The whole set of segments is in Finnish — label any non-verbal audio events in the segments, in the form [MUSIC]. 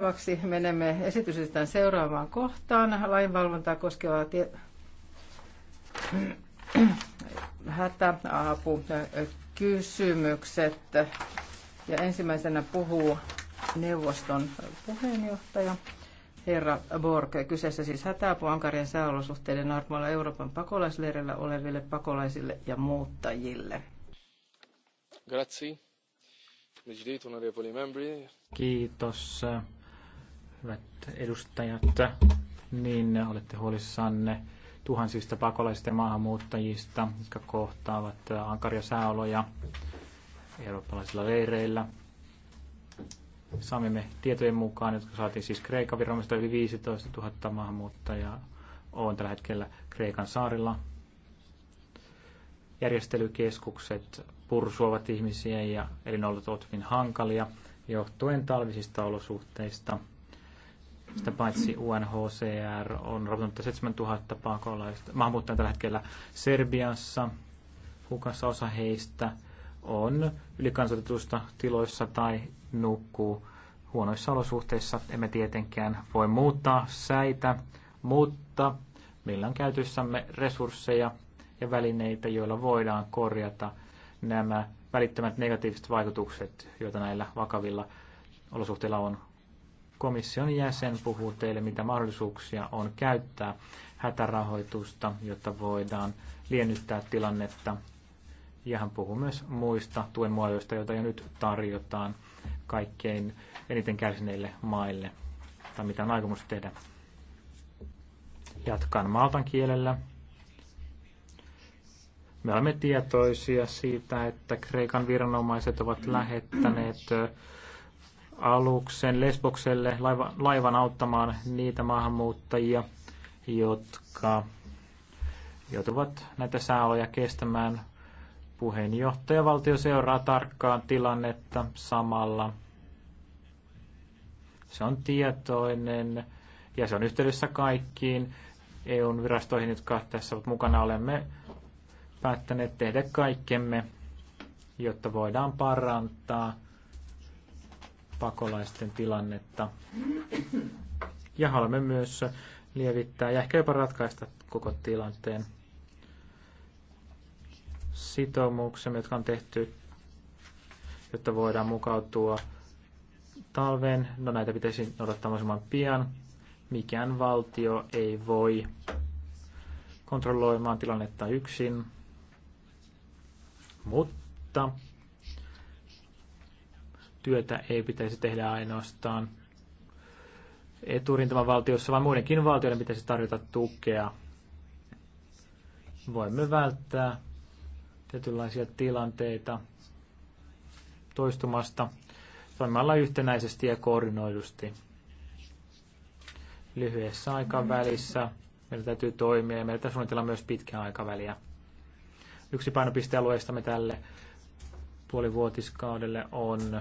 Seuraavaksi menemme esitysistään seuraavaan kohtaan. Lainvalvontaa koskevaa tie- hätäapu kysymykset. Ja ensimmäisenä puhuu neuvoston puheenjohtaja herra Borg. Kyseessä siis hätäapu ankarien sääolosuhteiden armoilla Euroopan pakolaisleirillä oleville pakolaisille ja muuttajille. Grazie. Kiitos hyvät edustajat, niin olette huolissanne tuhansista pakolaisista ja maahanmuuttajista, jotka kohtaavat ankaria sääoloja eurooppalaisilla leireillä. Saamme tietojen mukaan, jotka saatiin siis Kreikan viranomaista yli 15 000 maahanmuuttajaa on tällä hetkellä Kreikan saarilla. Järjestelykeskukset pursuavat ihmisiä ja elinolot ovat hyvin hankalia johtuen talvisista olosuhteista – sitä paitsi UNHCR on raportoinut 7000 pakolaista maahanmuuttajia tällä hetkellä Serbiassa. Hukassa osa heistä on ylikansoitetusta tiloissa tai nukkuu huonoissa olosuhteissa. Emme tietenkään voi muuttaa säitä, mutta meillä on käytössämme resursseja ja välineitä, joilla voidaan korjata nämä välittömät negatiiviset vaikutukset, joita näillä vakavilla olosuhteilla on komission jäsen puhuu teille, mitä mahdollisuuksia on käyttää hätärahoitusta, jotta voidaan liennyttää tilannetta. Ja hän puhuu myös muista tuen muodoista, joita jo nyt tarjotaan kaikkein eniten kärsineille maille, tai mitä on aikomus tehdä. Jatkan maltan kielellä. Me olemme tietoisia siitä, että Kreikan viranomaiset ovat lähettäneet aluksen Lesbokselle laiva, laivan auttamaan niitä maahanmuuttajia, jotka joutuvat näitä sääoloja kestämään. Puheenjohtajavaltio seuraa tarkkaan tilannetta samalla. Se on tietoinen ja se on yhteydessä kaikkiin EUn virastoihin, jotka tässä ovat mukana. Olemme päättäneet tehdä kaikkemme, jotta voidaan parantaa pakolaisten tilannetta. Ja haluamme myös lievittää ja ehkä jopa ratkaista koko tilanteen sitoumuksemme, jotka on tehty, jotta voidaan mukautua talveen. No näitä pitäisi noudattaa mahdollisimman pian. Mikään valtio ei voi kontrolloimaan tilannetta yksin, mutta työtä ei pitäisi tehdä ainoastaan eturintamavaltiossa, vaan muidenkin valtioiden pitäisi tarjota tukea. Voimme välttää tietynlaisia tilanteita toistumasta toimimalla yhtenäisesti ja koordinoidusti. Lyhyessä aikavälissä meillä täytyy toimia ja meillä täytyy suunnitella myös pitkää aikaväliä. Yksi painopistealueista me tälle puolivuotiskaudelle on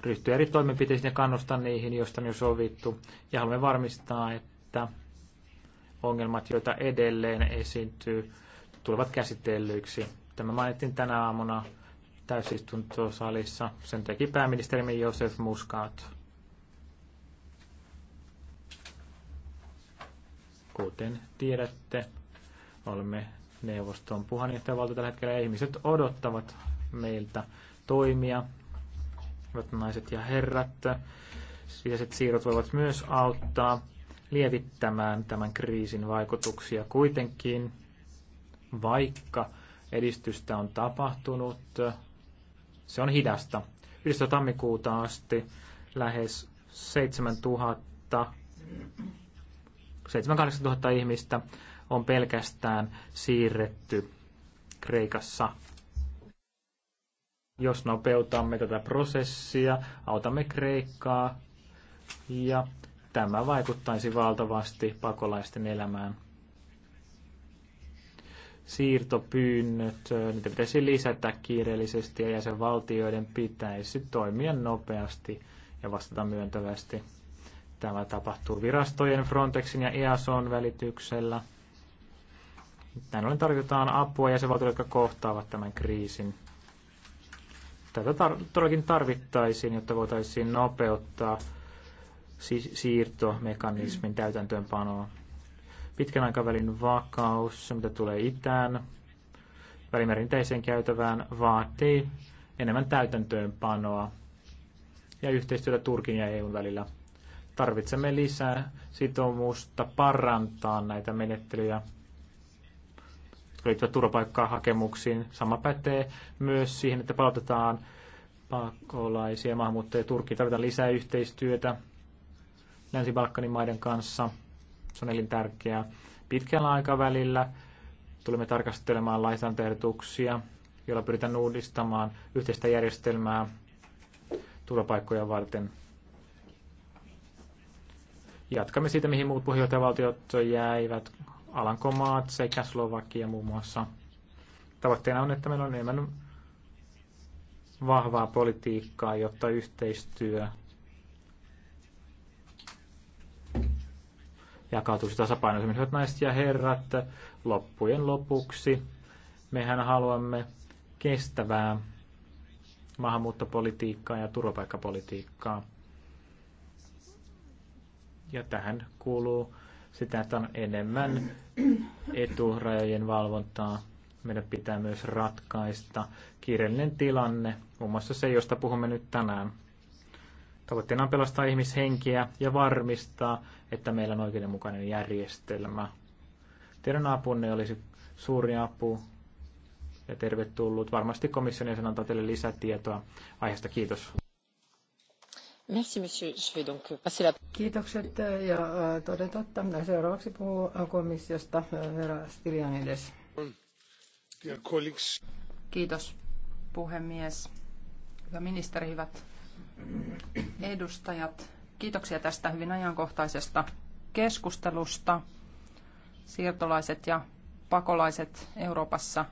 ryhtyä eri toimenpiteisiin ja kannustaa niihin, joista on jo sovittu. Ja haluamme varmistaa, että ongelmat, joita edelleen esiintyy, tulevat käsitellyiksi. Tämä mainittiin tänä aamuna täysistuntosalissa. Sen teki pääministerimme Josef Muscat. Kuten tiedätte, olemme neuvoston puheenjohtajavaltio tällä hetkellä ihmiset odottavat meiltä toimia hyvät naiset ja herrat. Sisäiset siirrot voivat myös auttaa lievittämään tämän kriisin vaikutuksia. Kuitenkin, vaikka edistystä on tapahtunut, se on hidasta. 11. tammikuuta asti lähes 7000 7 000 ihmistä on pelkästään siirretty Kreikassa jos nopeutamme tätä prosessia, autamme Kreikkaa ja tämä vaikuttaisi valtavasti pakolaisten elämään. Siirtopyynnöt, niitä pitäisi lisätä kiireellisesti ja jäsenvaltioiden pitäisi toimia nopeasti ja vastata myöntävästi. Tämä tapahtuu virastojen Frontexin ja EASOn välityksellä. Näin ollen tarjotaan apua jäsenvaltioille, jotka kohtaavat tämän kriisin. Tätä tar- todellakin tarvittaisiin, jotta voitaisiin nopeuttaa si- siirtomekanismin täytäntöönpanoa. Pitkän aikavälin vakaus, mitä tulee itään, välimerinteiseen käytävään, vaatii enemmän täytäntöönpanoa ja yhteistyötä Turkin ja EUn välillä. Tarvitsemme lisää sitoumusta parantaa näitä menettelyjä jotka liittyvät turvapaikkaa hakemuksiin. Sama pätee myös siihen, että palautetaan pakolaisia maahanmuuttajia Turkkiin. Tarvitaan lisää yhteistyötä Länsi-Balkanin maiden kanssa. Se on elintärkeää. Pitkällä aikavälillä tulemme tarkastelemaan lainsäädäntöehdotuksia, joilla pyritään uudistamaan yhteistä järjestelmää turvapaikkoja varten. Jatkamme siitä, mihin muut puheenjohtajavaltiot jäivät Alankomaat sekä Slovakia muun muassa. Tavoitteena on, että meillä on enemmän vahvaa politiikkaa, jotta yhteistyö jakautuisi tasapainoisemmin. Hyvät naiset ja herrat, loppujen lopuksi mehän haluamme kestävää maahanmuuttopolitiikkaa ja turvapaikkapolitiikkaa. Ja tähän kuuluu sitä, että on enemmän eturajojen valvontaa. Meidän pitää myös ratkaista kiireellinen tilanne, muun muassa se, josta puhumme nyt tänään. Tavoitteena on pelastaa ihmishenkiä ja varmistaa, että meillä on oikeudenmukainen järjestelmä. Teidän apunne olisi suuri apu ja tervetullut. Varmasti komission jäsen antaa teille lisätietoa aiheesta. Kiitos. Euh, Kiitokset ja äh, toden totta. Seuraavaksi puhuu äh, komissiosta äh, herra Stilianides. Kiitos puhemies. Hyvä ministeri, hyvät edustajat. Kiitoksia tästä hyvin ajankohtaisesta keskustelusta. Siirtolaiset ja pakolaiset Euroopassa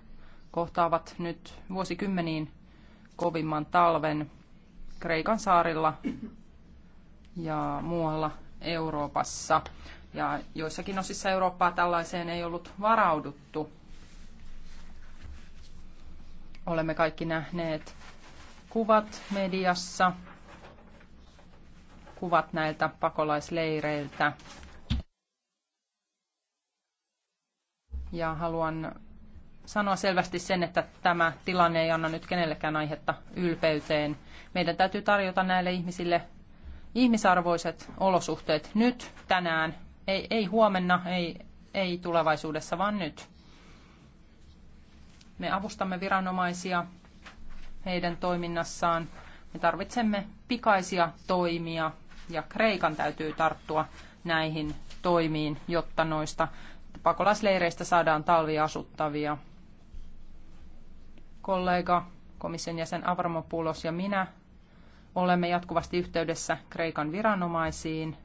kohtaavat nyt vuosikymmeniin kovimman talven Kreikan saarilla ja muualla Euroopassa. Ja joissakin osissa Eurooppaa tällaiseen ei ollut varauduttu. Olemme kaikki nähneet kuvat mediassa, kuvat näiltä pakolaisleireiltä. Ja haluan sanoa selvästi sen, että tämä tilanne ei anna nyt kenellekään aihetta ylpeyteen. Meidän täytyy tarjota näille ihmisille ihmisarvoiset olosuhteet nyt, tänään, ei, ei huomenna, ei, ei tulevaisuudessa, vaan nyt. Me avustamme viranomaisia heidän toiminnassaan. Me tarvitsemme pikaisia toimia ja Kreikan täytyy tarttua näihin toimiin, jotta noista pakolaisleireistä saadaan talviasuttavia. Kollega, komission jäsen Avramopoulos ja minä Olemme jatkuvasti yhteydessä Kreikan viranomaisiin.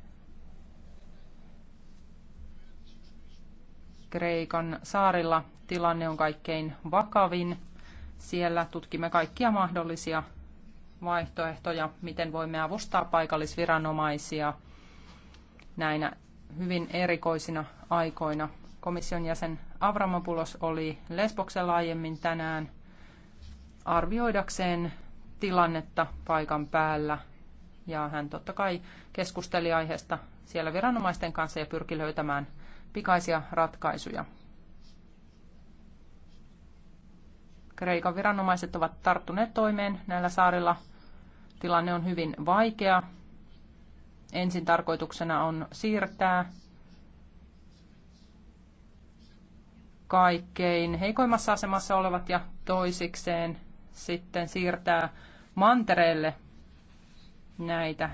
Kreikan saarilla tilanne on kaikkein vakavin. Siellä tutkimme kaikkia mahdollisia vaihtoehtoja, miten voimme avustaa paikallisviranomaisia näinä hyvin erikoisina aikoina. Komission jäsen Avramopulos oli Lesboksella aiemmin tänään arvioidakseen tilannetta paikan päällä ja hän totta kai keskusteli aiheesta siellä viranomaisten kanssa ja pyrki löytämään pikaisia ratkaisuja. Kreikan viranomaiset ovat tarttuneet toimeen näillä saarilla. Tilanne on hyvin vaikea. Ensin tarkoituksena on siirtää kaikkein heikoimmassa asemassa olevat ja toisikseen sitten siirtää mantereelle näitä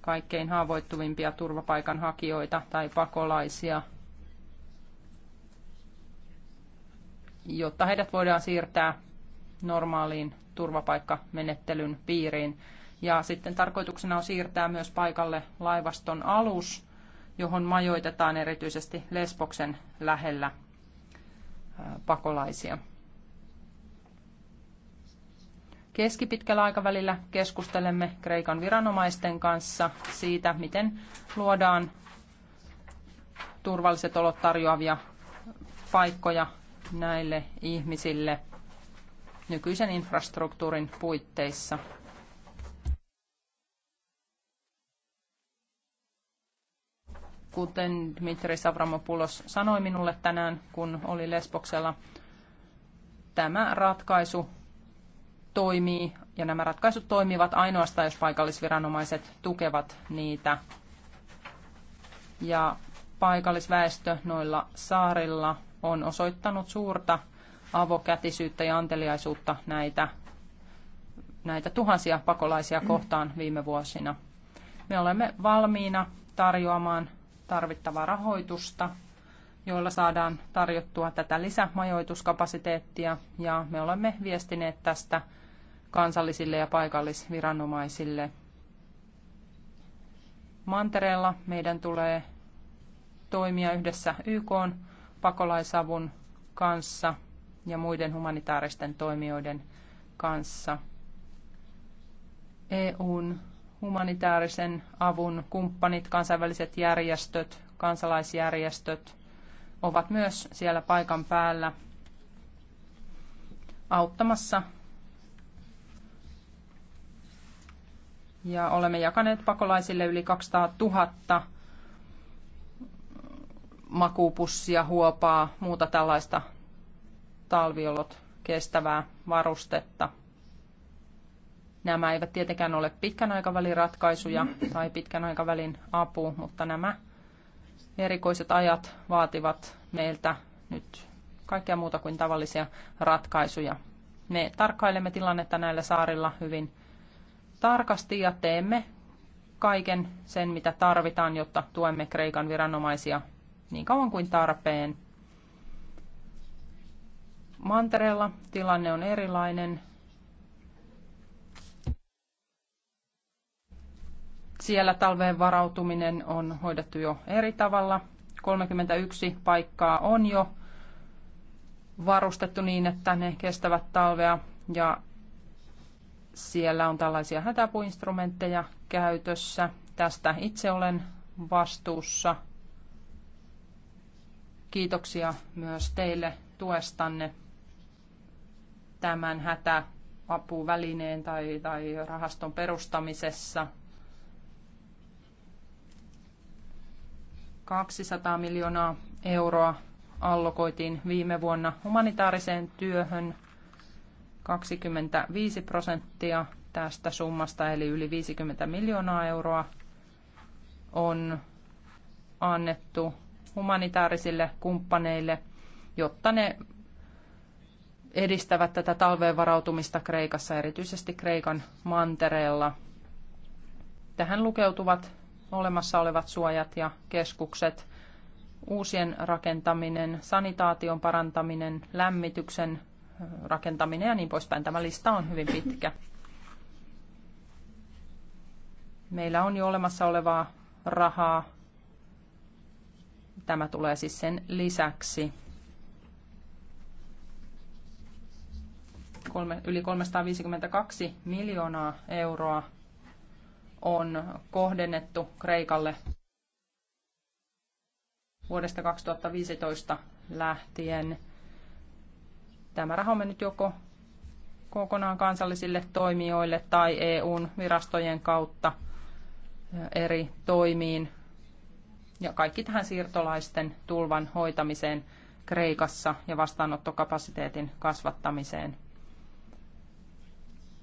kaikkein haavoittuvimpia turvapaikanhakijoita tai pakolaisia, jotta heidät voidaan siirtää normaaliin turvapaikkamenettelyn piiriin. Ja sitten tarkoituksena on siirtää myös paikalle laivaston alus, johon majoitetaan erityisesti Lesboksen lähellä pakolaisia. Keskipitkällä aikavälillä keskustelemme Kreikan viranomaisten kanssa siitä, miten luodaan turvalliset olot tarjoavia paikkoja näille ihmisille nykyisen infrastruktuurin puitteissa. Kuten Dmitri Savramopoulos sanoi minulle tänään, kun oli Lesboksella, tämä ratkaisu toimii ja nämä ratkaisut toimivat ainoastaan, jos paikallisviranomaiset tukevat niitä. Ja paikallisväestö noilla saarilla on osoittanut suurta avokätisyyttä ja anteliaisuutta näitä, näitä tuhansia pakolaisia kohtaan viime vuosina. Me olemme valmiina tarjoamaan tarvittavaa rahoitusta, joilla saadaan tarjottua tätä lisämajoituskapasiteettia, ja me olemme viestineet tästä kansallisille ja paikallisviranomaisille. Mantereella meidän tulee toimia yhdessä YK pakolaisavun kanssa ja muiden humanitaaristen toimijoiden kanssa. EUn humanitaarisen avun kumppanit, kansainväliset järjestöt, kansalaisjärjestöt ovat myös siellä paikan päällä auttamassa ja olemme jakaneet pakolaisille yli 200 000 makuupussia, huopaa, muuta tällaista talviolot kestävää varustetta. Nämä eivät tietenkään ole pitkän aikavälin ratkaisuja tai pitkän aikavälin apu, mutta nämä erikoiset ajat vaativat meiltä nyt kaikkea muuta kuin tavallisia ratkaisuja. Me tarkkailemme tilannetta näillä saarilla hyvin tarkasti ja teemme kaiken sen, mitä tarvitaan, jotta tuemme Kreikan viranomaisia niin kauan kuin tarpeen. Mantereella tilanne on erilainen. Siellä talveen varautuminen on hoidettu jo eri tavalla. 31 paikkaa on jo varustettu niin, että ne kestävät talvea ja siellä on tällaisia hätäpuinstrumentteja käytössä. Tästä itse olen vastuussa. Kiitoksia myös teille tuestanne tämän hätäapuvälineen tai, tai rahaston perustamisessa. 200 miljoonaa euroa allokoitiin viime vuonna humanitaariseen työhön – 25 prosenttia tästä summasta, eli yli 50 miljoonaa euroa, on annettu humanitaarisille kumppaneille, jotta ne edistävät tätä talveen varautumista Kreikassa, erityisesti Kreikan mantereella. Tähän lukeutuvat olemassa olevat suojat ja keskukset, uusien rakentaminen, sanitaation parantaminen, lämmityksen rakentaminen ja niin poispäin. Tämä lista on hyvin pitkä. Meillä on jo olemassa olevaa rahaa. Tämä tulee siis sen lisäksi. Kolme, yli 352 miljoonaa euroa on kohdennettu Kreikalle vuodesta 2015 lähtien. Tämä raha on mennyt joko kokonaan kansallisille toimijoille tai EUn virastojen kautta eri toimiin. Ja kaikki tähän siirtolaisten tulvan hoitamiseen Kreikassa ja vastaanottokapasiteetin kasvattamiseen.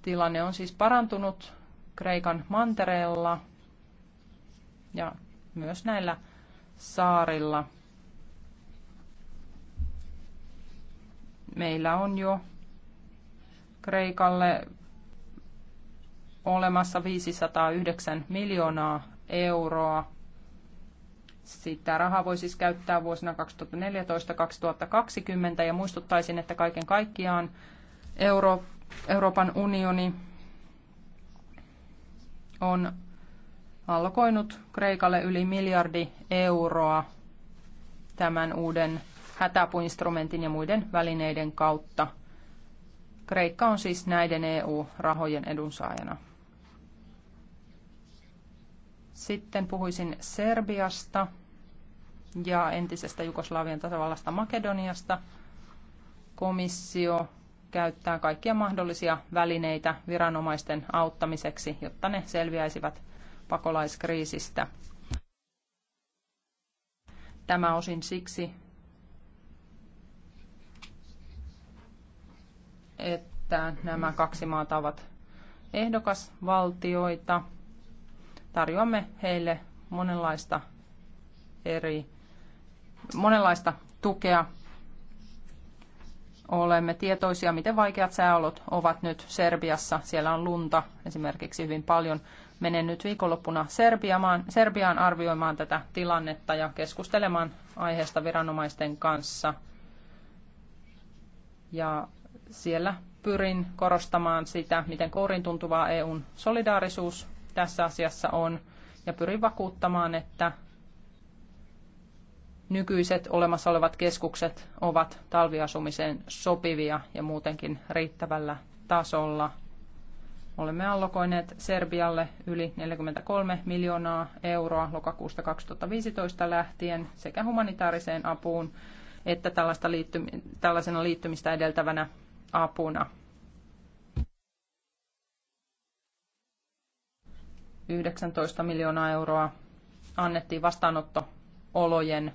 Tilanne on siis parantunut Kreikan mantereella ja myös näillä saarilla. Meillä on jo Kreikalle olemassa 509 miljoonaa euroa. Sitä rahaa voi siis käyttää vuosina 2014-2020 ja muistuttaisin, että kaiken kaikkiaan Euro- Euroopan unioni on allokoinut Kreikalle yli miljardi euroa tämän uuden hätäapuinstrumentin ja muiden välineiden kautta. Kreikka on siis näiden EU-rahojen edunsaajana. Sitten puhuisin Serbiasta ja entisestä Jugoslavian tasavallasta Makedoniasta. Komissio käyttää kaikkia mahdollisia välineitä viranomaisten auttamiseksi, jotta ne selviäisivät pakolaiskriisistä. Tämä osin siksi, että nämä kaksi maata ovat ehdokasvaltioita. Tarjoamme heille monenlaista eri monenlaista tukea. Olemme tietoisia, miten vaikeat sääolot ovat nyt Serbiassa. Siellä on lunta esimerkiksi hyvin paljon. Menen nyt viikonloppuna Serbiaan, Serbiaan arvioimaan tätä tilannetta ja keskustelemaan aiheesta viranomaisten kanssa. Ja siellä pyrin korostamaan sitä, miten kourin tuntuvaa EUn solidaarisuus tässä asiassa on, ja pyrin vakuuttamaan, että nykyiset olemassa olevat keskukset ovat talviasumiseen sopivia ja muutenkin riittävällä tasolla. Olemme allokoineet Serbialle yli 43 miljoonaa euroa lokakuusta 2015 lähtien sekä humanitaariseen apuun että tällaista liittymi- tällaisena liittymistä edeltävänä apuna. 19 miljoonaa euroa annettiin vastaanottoolojen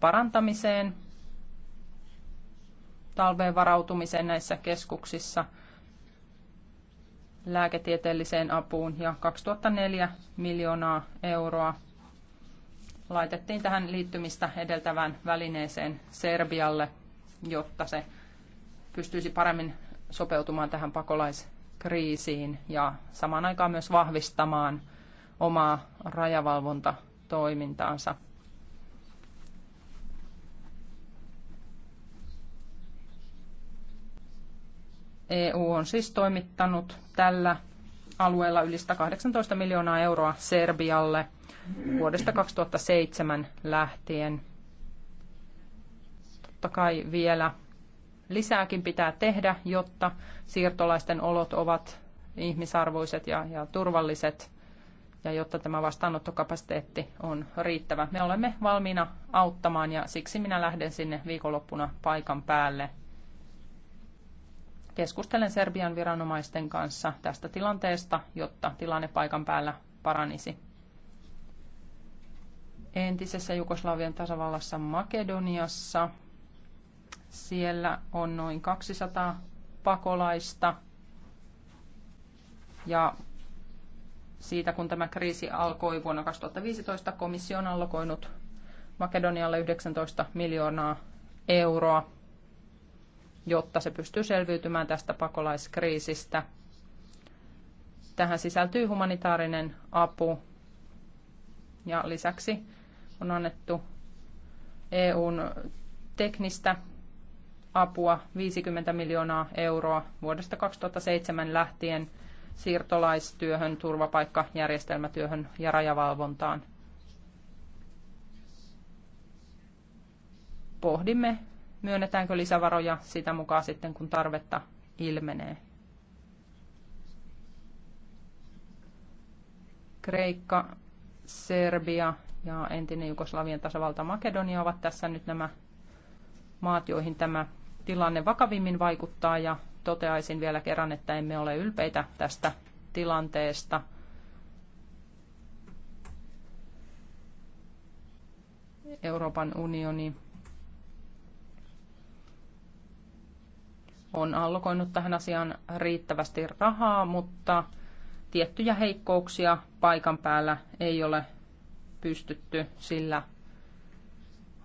parantamiseen, talveen varautumiseen näissä keskuksissa, lääketieteelliseen apuun ja 2004 miljoonaa euroa laitettiin tähän liittymistä edeltävään välineeseen Serbialle, jotta se pystyisi paremmin sopeutumaan tähän pakolaiskriisiin ja samaan aikaan myös vahvistamaan omaa rajavalvontatoimintaansa. EU on siis toimittanut tällä alueella yli 118 miljoonaa euroa Serbialle vuodesta 2007 lähtien. Totta kai vielä lisääkin pitää tehdä, jotta siirtolaisten olot ovat ihmisarvoiset ja, ja turvalliset ja jotta tämä vastaanottokapasiteetti on riittävä. Me olemme valmiina auttamaan ja siksi minä lähden sinne viikonloppuna paikan päälle. Keskustelen Serbian viranomaisten kanssa tästä tilanteesta, jotta tilanne paikan päällä paranisi. Entisessä Jugoslavian tasavallassa Makedoniassa siellä on noin 200 pakolaista. Ja siitä, kun tämä kriisi alkoi vuonna 2015, komissio on allokoinut Makedonialle 19 miljoonaa euroa, jotta se pystyy selviytymään tästä pakolaiskriisistä. Tähän sisältyy humanitaarinen apu ja lisäksi on annettu EUn teknistä apua 50 miljoonaa euroa vuodesta 2007 lähtien siirtolaistyöhön, turvapaikkajärjestelmätyöhön ja rajavalvontaan. Pohdimme, myönnetäänkö lisävaroja sitä mukaan sitten, kun tarvetta ilmenee. Kreikka, Serbia ja entinen Jugoslavian tasavalta Makedonia ovat tässä nyt nämä maat, joihin tämä tilanne vakavimmin vaikuttaa ja toteaisin vielä kerran, että emme ole ylpeitä tästä tilanteesta. Euroopan unioni on allokoinut tähän asiaan riittävästi rahaa, mutta tiettyjä heikkouksia paikan päällä ei ole pystytty sillä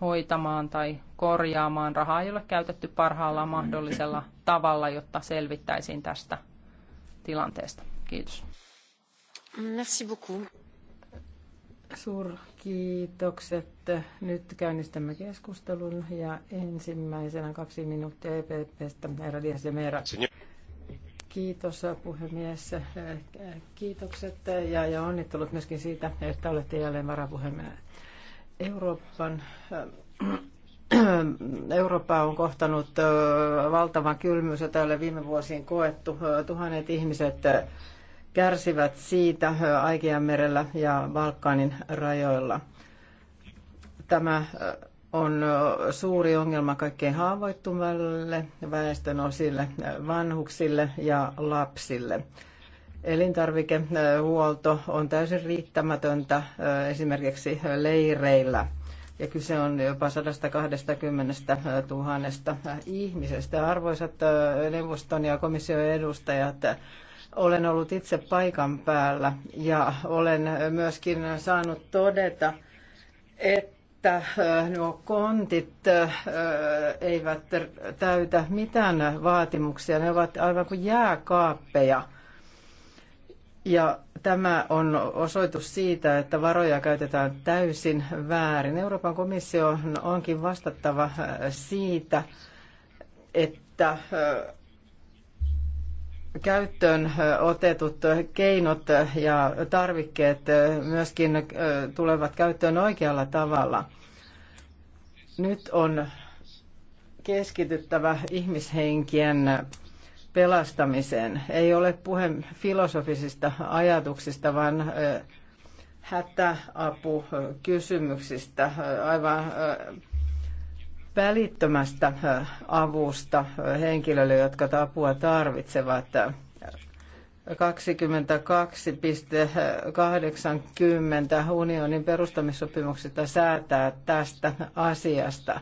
hoitamaan tai korjaamaan. Rahaa ei ole käytetty parhaalla mahdollisella tavalla, jotta selvittäisiin tästä tilanteesta. Kiitos. Merci beaucoup. Suurkiitokset. Nyt käynnistämme keskustelun ja ensimmäisenä kaksi minuuttia EPPstä Herra Dias ja Meera. Kiitos puhemies. Kiitokset ja, ja onnittelut myöskin siitä, että olette jälleen varapuhemies Euroopan äh, Eurooppa on kohtanut äh, valtavan kylmyys, jota ei ole viime vuosiin koettu. Äh, tuhannet ihmiset kärsivät siitä merellä ja Balkanin rajoilla. Tämä on suuri ongelma kaikkein haavoittuvalle väestön osille, vanhuksille ja lapsille. Elintarvikehuolto on täysin riittämätöntä äh, esimerkiksi leireillä. Ja kyse on jopa 120 000 ihmisestä. Arvoisat äh, neuvoston ja komission edustajat, olen ollut itse paikan päällä ja olen myöskin saanut todeta, että äh, nuo kontit eivät täytä mitään vaatimuksia. Ne ovat aivan kuin jääkaappeja ja tämä on osoitus siitä, että varoja käytetään täysin väärin. Euroopan komissio onkin vastattava äh, siitä, että äh, käyttöön äh, otetut keinot ja tarvikkeet myöskin tulevat käyttöön oikealla tavalla. Nyt on keskityttävä ihmishenkien pelastamiseen. Ei ole puhe filosofisista ajatuksista, vaan hätäapukysymyksistä, aivan välittömästä avusta henkilöille, jotka apua tarvitsevat. 22.80 unionin perustamissopimuksesta säätää tästä asiasta.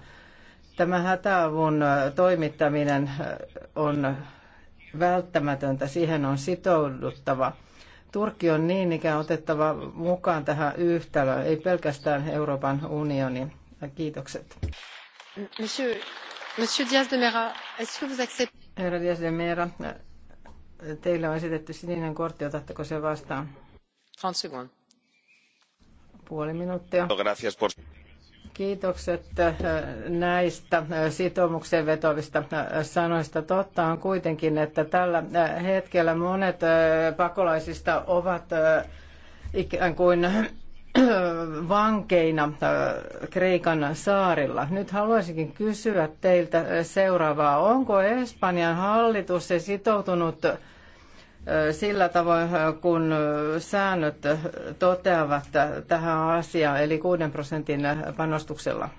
Tämä hätäavun toimittaminen on välttämätöntä, siihen on sitouduttava. Turkki on niin ikään otettava mukaan tähän yhtälöön, ei pelkästään Euroopan unioni. Kiitokset. Monsieur, Monsieur Diaz de Mera, est-ce que vous acceptez... Herra Diaz de Mera, teille on esitetty sininen kortti, otatteko se vastaan? 30 sekuntia. Puoli minuuttia. Gracias por... Kiitokset äh, näistä äh, sitoumukseen vetovista äh, sanoista. Totta on kuitenkin, että tällä hetkellä monet pakolaisista ovat ikään kuin vankeina Kreikan saarilla. Nyt haluaisinkin kysyä teiltä seuraavaa. Onko Espanjan hallitus se sitoutunut sillä tavoin, kun säännöt toteavat tähän asiaan, eli 6 prosentin panostuksella.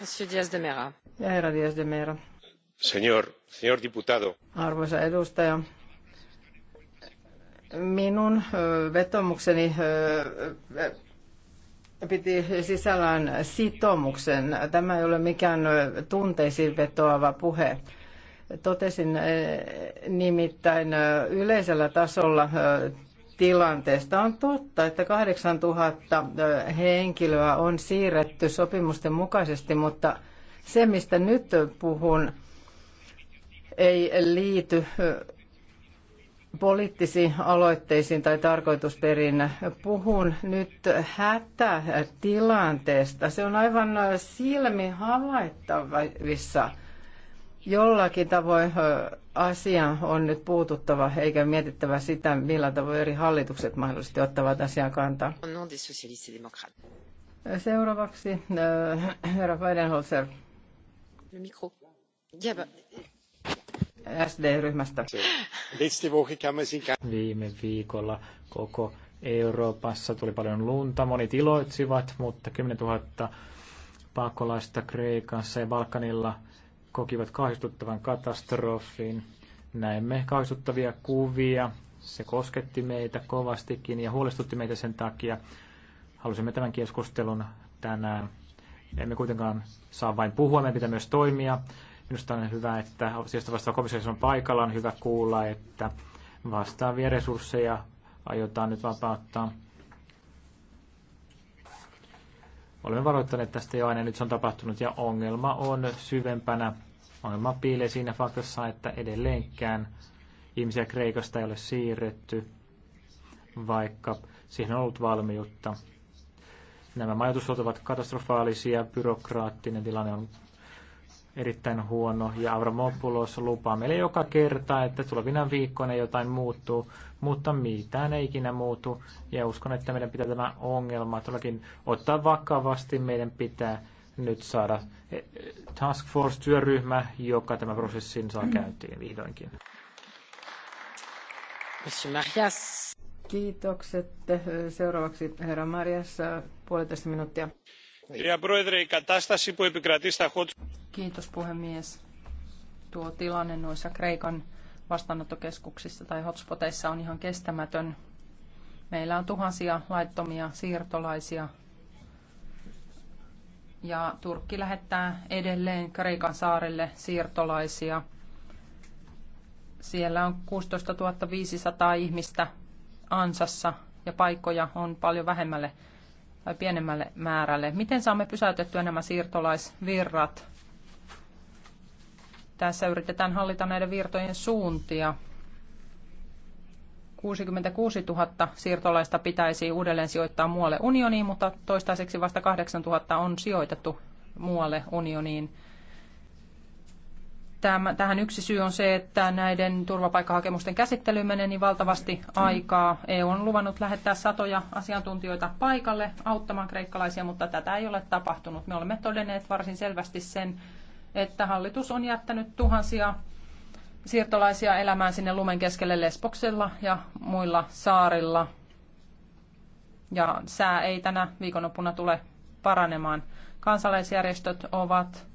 Monsieur Diaz de Mera. Ja herra Diaz de Mera. Señor, señor diputado. Arvoisa edustaja, minun vetomukseni piti sisällään sitoumuksen. Tämä ei ole mikään tunteisiin vetoava puhe. Totesin eh, nimittäin eh, yleisellä tasolla eh, tilanteesta. On totta, että 8000 henkilöä on siirretty sopimusten mukaisesti, mutta se, mistä nyt puhun, ei liity poliittisiin aloitteisiin tai tarkoitusperin. Puhun nyt hätätilanteesta. Se on aivan silmi havaittavissa – Jollakin tavoin asia on nyt puututtava, eikä mietittävä sitä, millä tavoin eri hallitukset mahdollisesti ottavat asiaa kantaa. Seuraavaksi herra Weidenholzer. Mikro. SD-ryhmästä. Viime viikolla koko Euroopassa tuli paljon lunta, monet iloitsivat, mutta 10 000 pakolaista Kreikassa ja Balkanilla – kokivat kauhistuttavan katastrofin. Näemme kauhistuttavia kuvia. Se kosketti meitä kovastikin ja huolestutti meitä sen takia. Halusimme tämän keskustelun tänään. Emme kuitenkaan saa vain puhua, meidän pitää myös toimia. Minusta on hyvä, että sijasta vastaava komissio on paikalla. On hyvä kuulla, että vastaavia resursseja aiotaan nyt vapauttaa Olemme varoittaneet tästä jo aina, nyt se on tapahtunut, ja ongelma on syvempänä. Ongelma piilee siinä faktassa, että edelleenkään ihmisiä Kreikasta ei ole siirretty, vaikka siihen on ollut valmiutta. Nämä majoitusolot ovat katastrofaalisia, byrokraattinen tilanne on erittäin huono ja Avramopoulos lupaa meille joka kerta, että tulevina viikkoina jotain muuttuu, mutta mitään ei ikinä muutu ja uskon, että meidän pitää tämä ongelma todellakin ottaa vakavasti. Meidän pitää nyt saada eh, eh, Task Force-työryhmä, joka tämä prosessin saa käyntiin vihdoinkin. Kiitokset. Seuraavaksi herra Marjassa puolitoista minuuttia. Ja Πρόεδρε, katastasi, κατάσταση που επικρατεί στα hot Kiitos puhemies. Tuo tilanne noissa Kreikan vastaanottokeskuksissa tai hotspoteissa on ihan kestämätön. Meillä on tuhansia laittomia siirtolaisia ja Turkki lähettää edelleen Kreikan saarille siirtolaisia. Siellä on 16 500 ihmistä ansassa ja paikkoja on paljon vähemmälle tai pienemmälle määrälle. Miten saamme pysäytettyä nämä siirtolaisvirrat? Tässä yritetään hallita näiden virtojen suuntia. 66 000 siirtolaista pitäisi uudelleen sijoittaa muualle unioniin, mutta toistaiseksi vasta 8 000 on sijoitettu muualle unioniin. Tähän yksi syy on se, että näiden turvapaikkahakemusten käsittely menee niin valtavasti aikaa. EU on luvannut lähettää satoja asiantuntijoita paikalle auttamaan kreikkalaisia, mutta tätä ei ole tapahtunut. Me olemme todenneet varsin selvästi sen, että hallitus on jättänyt tuhansia siirtolaisia elämään sinne lumen keskelle Lesboksella ja muilla saarilla. Ja sää ei tänä viikonloppuna tule paranemaan. Kansalaisjärjestöt ovat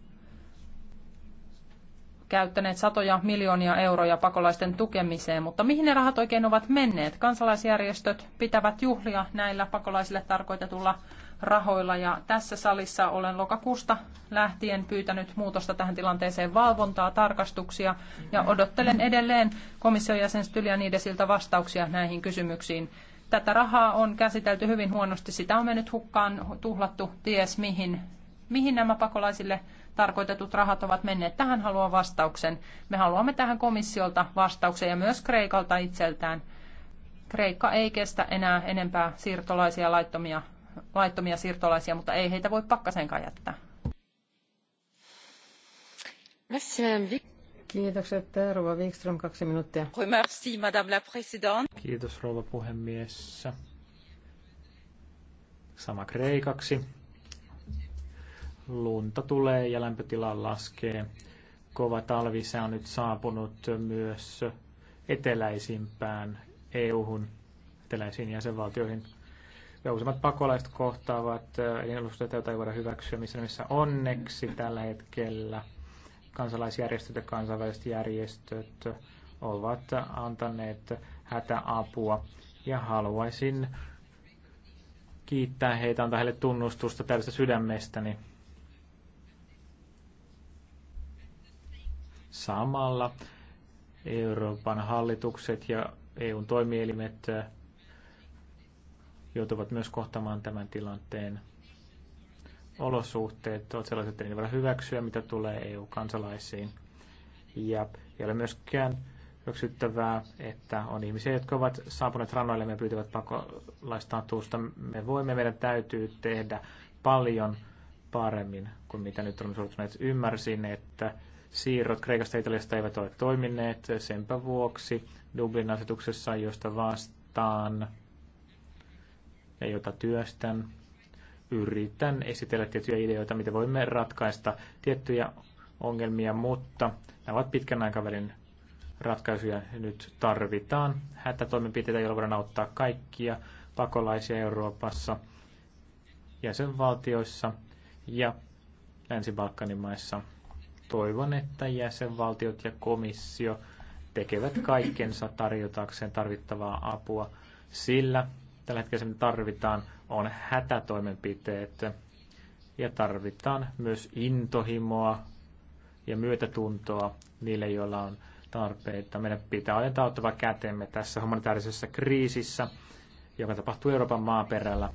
käyttäneet satoja miljoonia euroja pakolaisten tukemiseen, mutta mihin ne rahat oikein ovat menneet? Kansalaisjärjestöt pitävät juhlia näillä pakolaisille tarkoitetulla rahoilla. Ja tässä salissa olen lokakuusta lähtien pyytänyt muutosta tähän tilanteeseen valvontaa, tarkastuksia ja odottelen edelleen komission jäsen Stylianidesilta vastauksia näihin kysymyksiin. Tätä rahaa on käsitelty hyvin huonosti, sitä on mennyt hukkaan, tuhlattu ties mihin, mihin nämä pakolaisille tarkoitetut rahat ovat menneet. Tähän haluan vastauksen. Me haluamme tähän komissiolta vastauksen ja myös Kreikalta itseltään. Kreikka ei kestä enää enempää siirtolaisia laittomia laittomia siirtolaisia, mutta ei heitä voi pakkaseenkaan jättää. Kiitokset, Rova Wikström, kaksi minuuttia. Merci, madame la présidente. Kiitos, rouva puhemies. Sama kreikaksi. Lunta tulee ja lämpötila laskee. Kova se on nyt saapunut myös eteläisimpään EU-hun, eteläisiin jäsenvaltioihin – ja useimmat pakolaiset kohtaavat äh, elinolosuhteita, joita ei voida hyväksyä missä nimessä onneksi tällä hetkellä kansalaisjärjestöt ja kansainväliset järjestöt ovat antaneet hätäapua ja haluaisin kiittää heitä, antaa heille tunnustusta tällaista sydämestäni. Samalla Euroopan hallitukset ja EUn toimielimet joutuvat myös kohtamaan tämän tilanteen. Olosuhteet ovat sellaiset, että ei voida hyväksyä, mitä tulee EU-kansalaisiin. Ja ei ole myöskään hyväksyttävää, että on ihmisiä, jotka ovat saapuneet rannoille ja pyytävät pakolaistatusta. Me voimme, meidän täytyy tehdä paljon paremmin kuin mitä nyt on suorituneet. Ymmärsin, että siirrot Kreikasta ja Italiasta eivät ole toimineet senpä vuoksi Dublin asetuksessa, josta vastaan ja jota työstän, yritän esitellä tiettyjä ideoita, miten voimme ratkaista tiettyjä ongelmia, mutta nämä ovat pitkän aikavälin ratkaisuja. Nyt tarvitaan hätätoimenpiteitä, joilla voidaan auttaa kaikkia pakolaisia Euroopassa, jäsenvaltioissa ja Länsi-Balkanin maissa. Toivon, että jäsenvaltiot ja komissio tekevät kaikkensa tarjotakseen tarvittavaa apua, sillä Tällä hetkellä se, mitä tarvitaan, on hätätoimenpiteet ja tarvitaan myös intohimoa ja myötätuntoa niille, joilla on tarpeita. Meidän pitää ajata ottava kätemme tässä humanitaarisessa kriisissä, joka tapahtuu Euroopan maaperällä.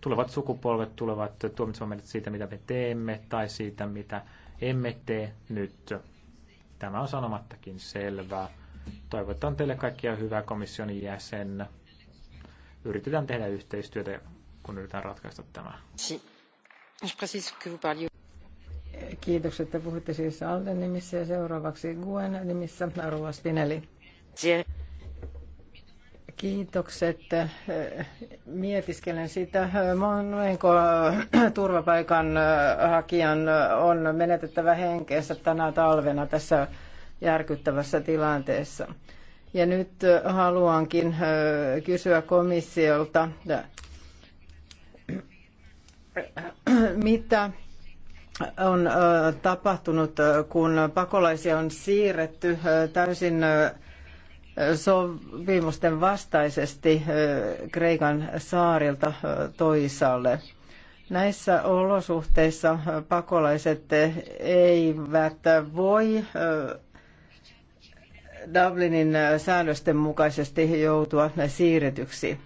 Tulevat sukupolvet tulevat tuomitsemaan meidät siitä, mitä me teemme tai siitä, mitä emme tee nyt. Tämä on sanomattakin selvää. Toivotan teille kaikkia hyvää komission jäsen yritetään tehdä yhteistyötä, kun yritetään ratkaista tämä. Kiitos, että puhutte siis Alden nimissä ja seuraavaksi Guen nimissä Rova Spinelli. Kiitokset. Mietiskelen sitä, monenko turvapaikan hakijan on menetettävä henkeensä tänä talvena tässä järkyttävässä tilanteessa. Ja nyt äh, haluankin äh, kysyä komissiolta, äh, mitä on tapahtunut, kun pakolaisia on siirretty täysin sopimusten vastaisesti Kreikan saarilta toisaalle. Näissä olosuhteissa pakolaiset eivät voi Dublinin äh, säännösten mukaisesti joutua siirretyksi.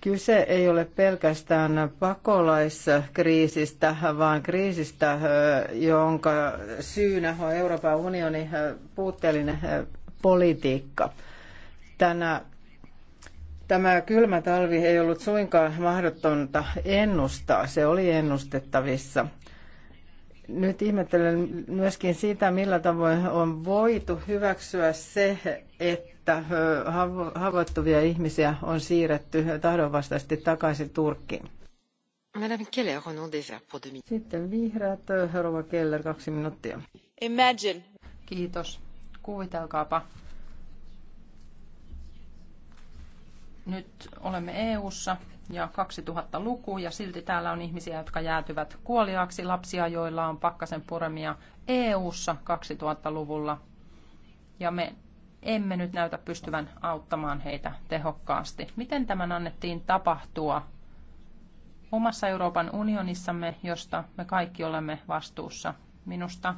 Kyse ei ole pelkästään pakolaiskriisistä, vaan kriisistä, äh, jonka syynä on Euroopan unionin äh, puutteellinen politiikka. Tänä, tämä kylmä talvi ei ollut suinkaan mahdotonta ennustaa, se oli ennustettavissa – nyt ihmettelen myöskin sitä, millä tavoin on voitu hyväksyä se, että haavoittuvia ihmisiä on siirretty tahdonvastaisesti takaisin Turkkiin. Madame Keller, on pour Sitten vihreät, rouva Keller, kaksi minuuttia. Imagine. Kiitos. Kuvitelkaapa Nyt olemme EU:ssa ja 2000 luku ja silti täällä on ihmisiä, jotka jäätyvät kuoliaaksi, lapsia, joilla on pakkasen puremia EU:ssa 2000-luvulla. Ja me emme nyt näytä pystyvän auttamaan heitä tehokkaasti. Miten tämän annettiin tapahtua omassa Euroopan unionissamme, josta me kaikki olemme vastuussa? Minusta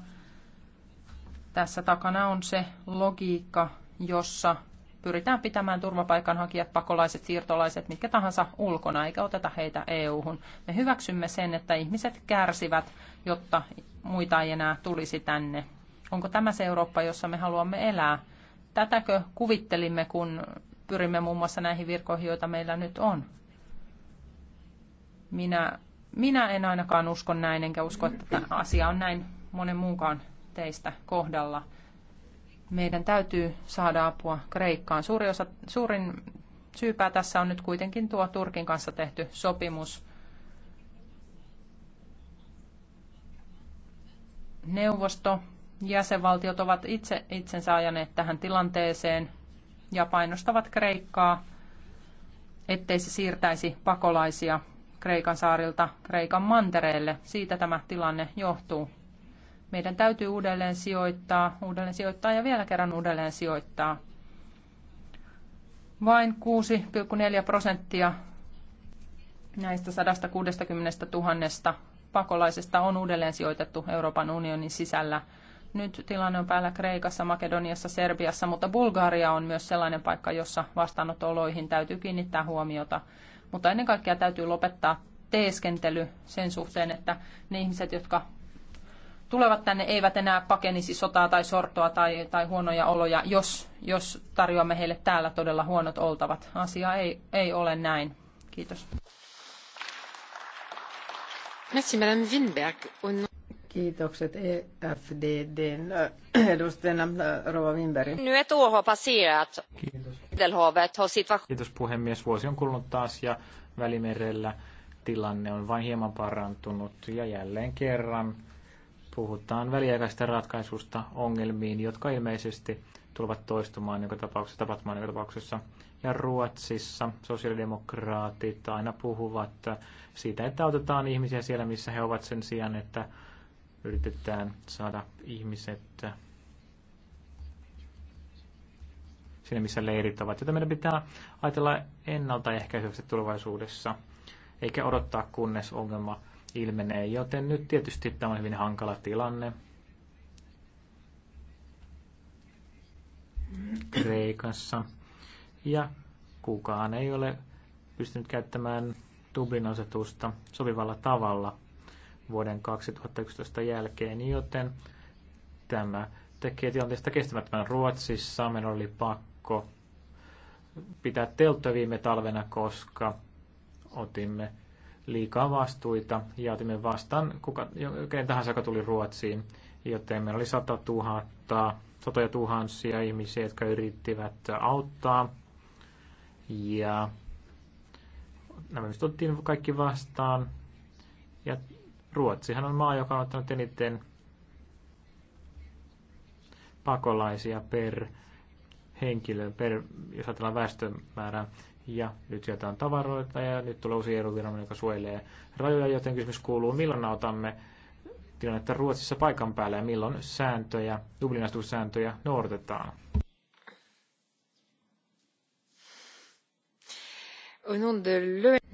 tässä takana on se logiikka, jossa pyritään pitämään turvapaikanhakijat, pakolaiset, siirtolaiset, mitkä tahansa ulkona, eikä oteta heitä EU-hun. Me hyväksymme sen, että ihmiset kärsivät, jotta muita ei enää tulisi tänne. Onko tämä se Eurooppa, jossa me haluamme elää? Tätäkö kuvittelimme, kun pyrimme muun muassa näihin virkoihin, joita meillä nyt on? Minä, minä en ainakaan usko näin, enkä usko, että asia on näin monen muunkaan teistä kohdalla meidän täytyy saada apua Kreikkaan. Suuri osa, suurin syypää tässä on nyt kuitenkin tuo Turkin kanssa tehty sopimus. Neuvosto, jäsenvaltiot ovat itse itsensä ajaneet tähän tilanteeseen ja painostavat Kreikkaa, ettei se siirtäisi pakolaisia Kreikan saarilta Kreikan mantereelle. Siitä tämä tilanne johtuu. Meidän täytyy uudelleen sijoittaa, uudelleen sijoittaa ja vielä kerran uudelleen sijoittaa. Vain 6,4 prosenttia näistä 160 000 pakolaisesta on uudelleen sijoitettu Euroopan unionin sisällä. Nyt tilanne on päällä Kreikassa, Makedoniassa, Serbiassa, mutta Bulgaria on myös sellainen paikka, jossa vastaanotoloihin täytyy kiinnittää huomiota. Mutta ennen kaikkea täytyy lopettaa teeskentely sen suhteen, että ne ihmiset, jotka tulevat tänne eivät enää pakenisi sotaa tai sortoa tai, tai huonoja oloja, jos, jos tarjoamme heille täällä todella huonot oltavat. Asia ei, ei ole näin. Kiitos. Merci, Madame Winberg. Kiitokset EFDDn äh, edustajana äh, Rova Winberg. Nyt ett år Kiitos. Kiitos puhemies. Vuosi on kulunut taas ja Välimerellä tilanne on vain hieman parantunut ja jälleen kerran puhutaan väliaikaisesta ratkaisusta ongelmiin, jotka ilmeisesti tulevat toistumaan joka tapauksessa, tapahtumaan joka tapauksessa. Ja Ruotsissa sosiaalidemokraatit aina puhuvat siitä, että autetaan ihmisiä siellä, missä he ovat sen sijaan, että yritetään saada ihmiset sinne, missä leirit ovat. Joten meidän pitää ajatella ennaltaehkäisyksi tulevaisuudessa, eikä odottaa, kunnes ongelma ilmenee, joten nyt tietysti tämä on hyvin hankala tilanne. Kreikassa. Ja kukaan ei ole pystynyt käyttämään Dublin-asetusta sopivalla tavalla vuoden 2011 jälkeen, joten tämä tekee tilanteesta kestämättömän Ruotsissa. Meillä oli pakko pitää telttoja viime talvena, koska otimme liikaa vastuita ja otimme vastaan kuka, kenen tahansa, joka tuli Ruotsiin. Joten meillä oli sata tuhatta, satoja tuhansia ihmisiä, jotka yrittivät auttaa. Ja nämä myös otettiin kaikki vastaan. Ja Ruotsihan on maa, joka on ottanut eniten pakolaisia per henkilö, per, jos ajatellaan väestömäärää ja nyt on tavaroita ja nyt tulee uusi eu joka suojelee rajoja, joten kysymys kuuluu, milloin otamme tilannetta Ruotsissa paikan päällä ja milloin sääntöjä, Dublinastuussääntöjä noudatetaan.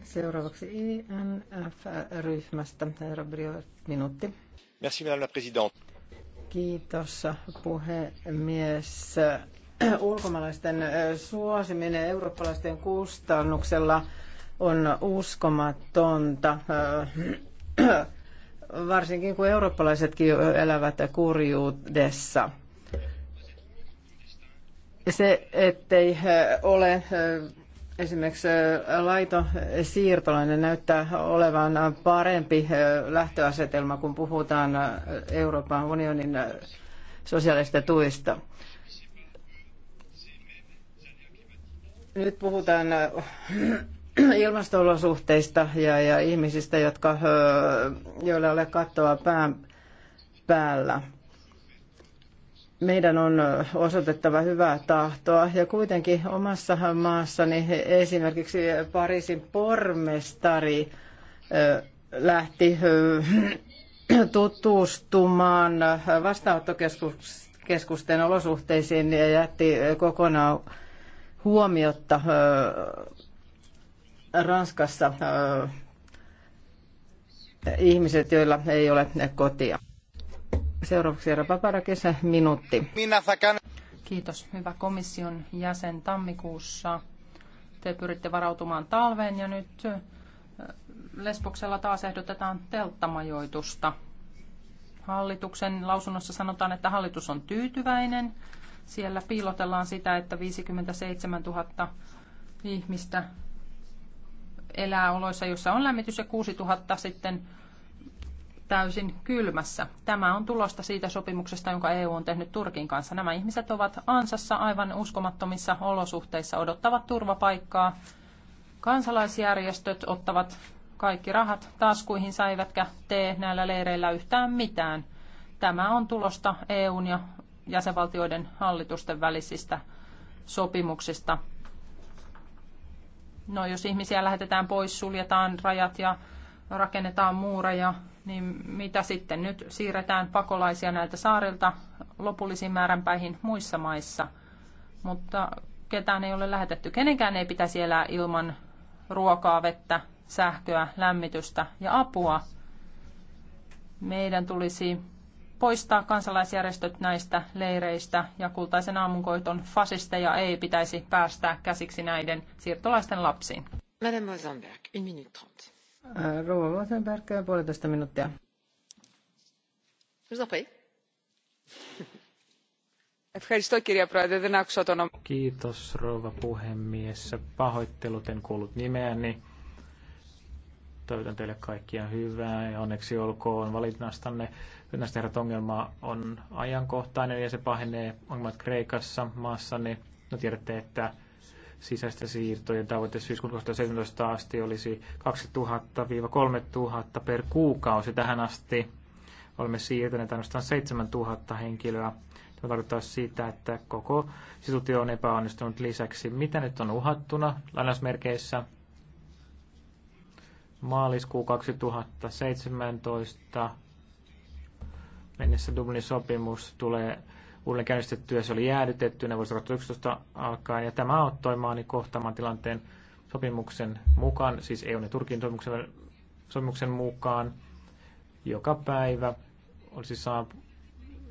Seuraavaksi INF-ryhmästä. Herra Briot, minuutti. Merci, madame la présidente. Kiitos puhemies ulkomaalaisten suosiminen eurooppalaisten kustannuksella on uskomatonta, [CLEARS THROAT] varsinkin kun eurooppalaisetkin elävät kurjuudessa. Se, ettei ole esimerkiksi laito siirtolainen näyttää olevan parempi lähtöasetelma, kun puhutaan Euroopan unionin sosiaalista tuista. Nyt puhutaan äh, ilmastolosuhteista ja, ja ihmisistä, jotka, äh, joilla ei ole kattoa pään päällä. Meidän on äh, osoitettava hyvää tahtoa ja kuitenkin omassa maassani esimerkiksi Pariisin pormestari lähti tutustumaan vastaanottokeskusten olosuhteisiin ja jätti kokonaan huomiotta Ranskassa ihmiset, joilla ei ole kotia. Seuraavaksi herra Paparakis, minuutti. Kiitos, hyvä komission jäsen. Tammikuussa te pyritte varautumaan talveen ja nyt Lesboksella taas ehdotetaan telttamajoitusta. Hallituksen lausunnossa sanotaan, että hallitus on tyytyväinen siellä piilotellaan sitä, että 57 000 ihmistä elää oloissa, jossa on lämmitys ja 6 000 sitten täysin kylmässä. Tämä on tulosta siitä sopimuksesta, jonka EU on tehnyt Turkin kanssa. Nämä ihmiset ovat ansassa aivan uskomattomissa olosuhteissa, odottavat turvapaikkaa. Kansalaisjärjestöt ottavat kaikki rahat taskuihinsa eivätkä tee näillä leireillä yhtään mitään. Tämä on tulosta EUn ja jäsenvaltioiden hallitusten välisistä sopimuksista. No, jos ihmisiä lähetetään pois, suljetaan rajat ja rakennetaan muureja, niin mitä sitten? Nyt siirretään pakolaisia näiltä saarilta lopullisiin määränpäihin muissa maissa, mutta ketään ei ole lähetetty. Kenenkään ei pitäisi elää ilman ruokaa, vettä, sähköä, lämmitystä ja apua. Meidän tulisi poistaa kansalaisjärjestöt näistä leireistä ja kultaisen aamunkoiton fasisteja ei pitäisi päästää käsiksi näiden siirtolaisten lapsiin. Madame Rosenberg, 1 minuutti 30. Rouva Rosenberg, äh, puolitoista minuuttia. Kiitos [LAUGHS] rouva puhemies. Pahoittelut, en kuullut nimeäni. Toivotan teille kaikkia hyvää ja onneksi olkoon valinnastanne näistä herrat ongelma on ajankohtainen ja se pahenee ongelmat Kreikassa maassa, niin no tiedätte, että sisäistä siirtojen tavoite syyskuun 2017 asti olisi 2000-3000 per kuukausi tähän asti. Olemme siirtäneet ainoastaan 7000 henkilöä. Tämä tarkoittaa sitä, että koko instituutio on epäonnistunut lisäksi. Mitä nyt on uhattuna lainausmerkeissä? Maaliskuu 2017 mennessä Dublinin sopimus tulee uudelleen käynnistettyä. Se oli ne vuodesta 2011 alkaen ja tämä auttoi maani kohtaamaan tilanteen sopimuksen mukaan, siis EUn ja Turkin sopimuksen, sopimuksen mukaan joka päivä olisi saapu,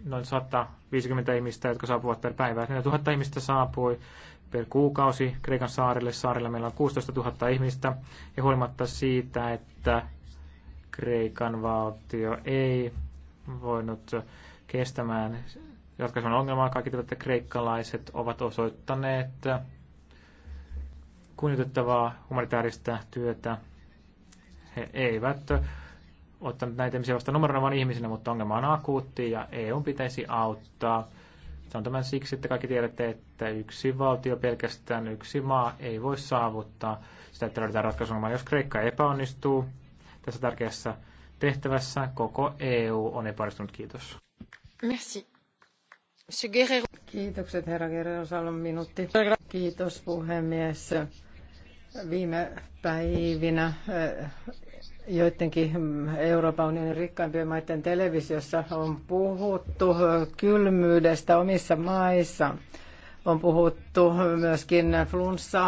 noin 150 ihmistä, jotka saapuvat per päivä. 4000 ihmistä saapui per kuukausi Kreikan saarille. Saarilla meillä on 16 000 ihmistä. Ja huolimatta siitä, että Kreikan valtio ei voinut kestämään ratkaisemaan ongelmaa. Kaikki tietävät, että kreikkalaiset ovat osoittaneet kunnioitettavaa humanitaarista työtä. He eivät ottanut näitä ihmisiä vasta numerona, vaan ihmisinä, mutta ongelma on akuutti ja EU pitäisi auttaa. Sanon tämän siksi, että kaikki tiedätte, että yksi valtio, pelkästään yksi maa ei voi saavuttaa sitä, että löydetään ratkaisun. Jos Kreikka epäonnistuu tässä tärkeässä tehtävässä koko EU on epäonnistunut. Kiitos. Merci. Kiitokset herra Guerrero Salon minuutti. Kiitos puhemies. Viime päivinä eh, joidenkin Euroopan unionin rikkaimpien maiden televisiossa on puhuttu kylmyydestä omissa maissa. On puhuttu myöskin flunssa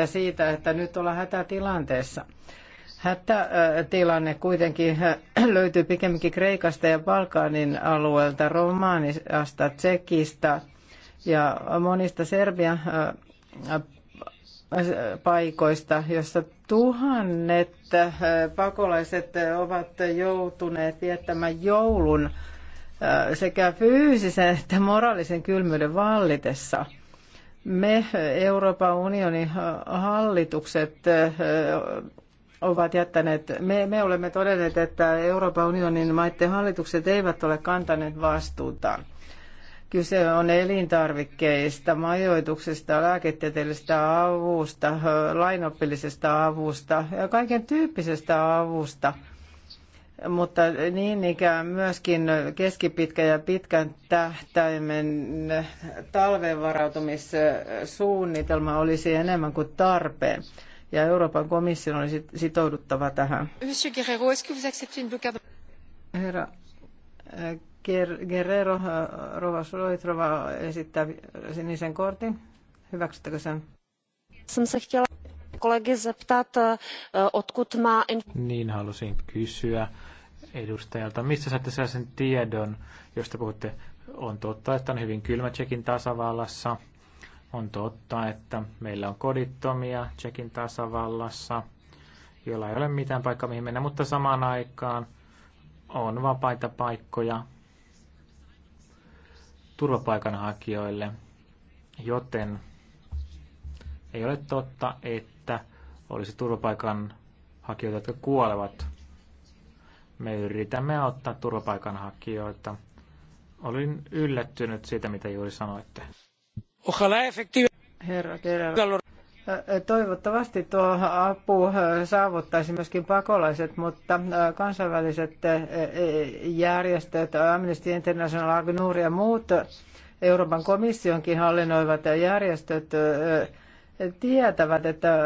ja siitä, että nyt ollaan hätätilanteessa. tilanteessa Hätätilanne kuitenkin löytyy pikemminkin Kreikasta ja Balkanin alueelta, Romaaniasta, Tsekistä ja monista Serbian äh, paikoista, jossa tuhannet äh, pakolaiset ovat joutuneet viettämään joulun äh, sekä fyysisen että moraalisen kylmyyden vallitessa. Me Euroopan unionin hallitukset ovat jättäneet. Me, me olemme todenneet, että Euroopan unionin maiden hallitukset eivät ole kantaneet vastuuta Kyse on elintarvikkeista, majoituksesta, lääketieteellisestä avusta, lainoppillisesta avusta ja kaiken tyyppisestä avusta. Mutta niin ikään myöskin keskipitkä ja pitkän tähtäimen talven varautumissuunnitelma olisi enemmän kuin tarpeen ja Euroopan komission sit sitouduttava tähän. Monsieur Guerrero, est-ce que vous acceptez une blocade? Herra äh, Guerrero, äh, Rova Soitrova esittää sinisen kortin. Hyväksyttekö sen? Äh, niin halusin kysyä edustajalta. Mistä saatte sellaisen tiedon, josta puhutte? On totta, että on hyvin kylmä Tsekin tasavallassa. On totta, että meillä on kodittomia Tsekin tasavallassa, joilla ei ole mitään paikkaa mihin mennä, mutta samaan aikaan on vapaita paikkoja turvapaikanhakijoille, joten ei ole totta, että olisi turvapaikanhakijoita, jotka kuolevat. Me yritämme auttaa turvapaikanhakijoita. Olin yllättynyt siitä, mitä juuri sanoitte. Ojalá efectivamente. Herra Toivottavasti tuo apu saavuttaisi myöskin pakolaiset, mutta kansainväliset järjestöt, Amnesty International, Agnur ja muut Euroopan komissionkin hallinnoivat järjestöt tietävät, että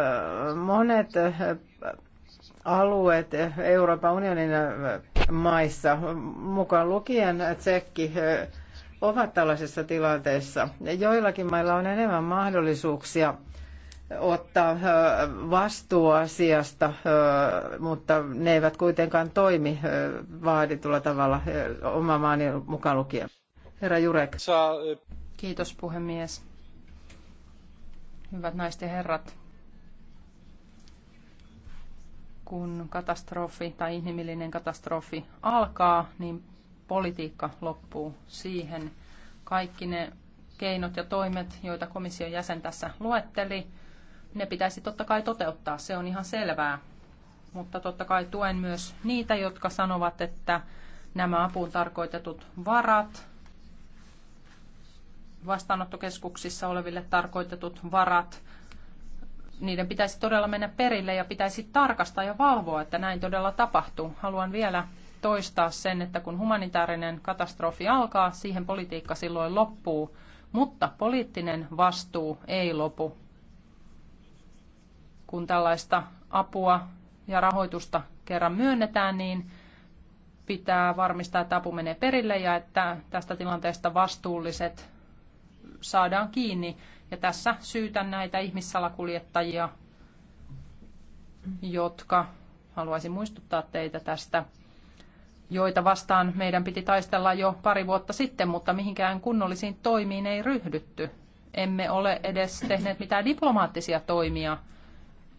monet alueet Euroopan unionin maissa, mukaan lukien Tsekki, ovat tällaisessa tilanteessa. Joillakin mailla on enemmän mahdollisuuksia ottaa vastuu asiasta, mutta ne eivät kuitenkaan toimi vaaditulla tavalla oma maani mukaan lukien. Herra Jurek. Kiitos puhemies. Hyvät naiset ja herrat. Kun katastrofi tai inhimillinen katastrofi alkaa, niin politiikka loppuu siihen. Kaikki ne keinot ja toimet, joita komission jäsen tässä luetteli, ne pitäisi totta kai toteuttaa, se on ihan selvää. Mutta totta kai tuen myös niitä, jotka sanovat, että nämä apuun tarkoitetut varat, vastaanottokeskuksissa oleville tarkoitetut varat, niiden pitäisi todella mennä perille ja pitäisi tarkastaa ja valvoa, että näin todella tapahtuu. Haluan vielä toistaa sen, että kun humanitaarinen katastrofi alkaa, siihen politiikka silloin loppuu, mutta poliittinen vastuu ei lopu. Kun tällaista apua ja rahoitusta kerran myönnetään, niin pitää varmistaa, että apu menee perille ja että tästä tilanteesta vastuulliset saadaan kiinni. Ja tässä syytän näitä ihmissalakuljettajia, jotka haluaisin muistuttaa teitä tästä joita vastaan meidän piti taistella jo pari vuotta sitten, mutta mihinkään kunnollisiin toimiin ei ryhdytty. Emme ole edes tehneet mitään diplomaattisia toimia,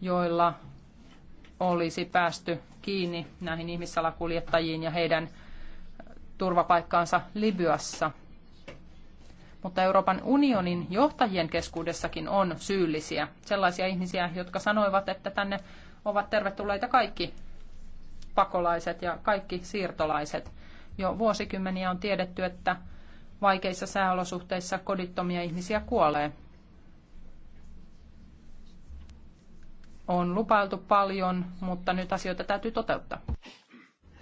joilla olisi päästy kiinni näihin ihmissalakuljettajiin ja heidän turvapaikkaansa Libyassa. Mutta Euroopan unionin johtajien keskuudessakin on syyllisiä. Sellaisia ihmisiä, jotka sanoivat, että tänne ovat tervetulleita kaikki pakolaiset ja kaikki siirtolaiset. Jo vuosikymmeniä on tiedetty, että vaikeissa sääolosuhteissa kodittomia ihmisiä kuolee. On lupailtu paljon, mutta nyt asioita täytyy toteuttaa.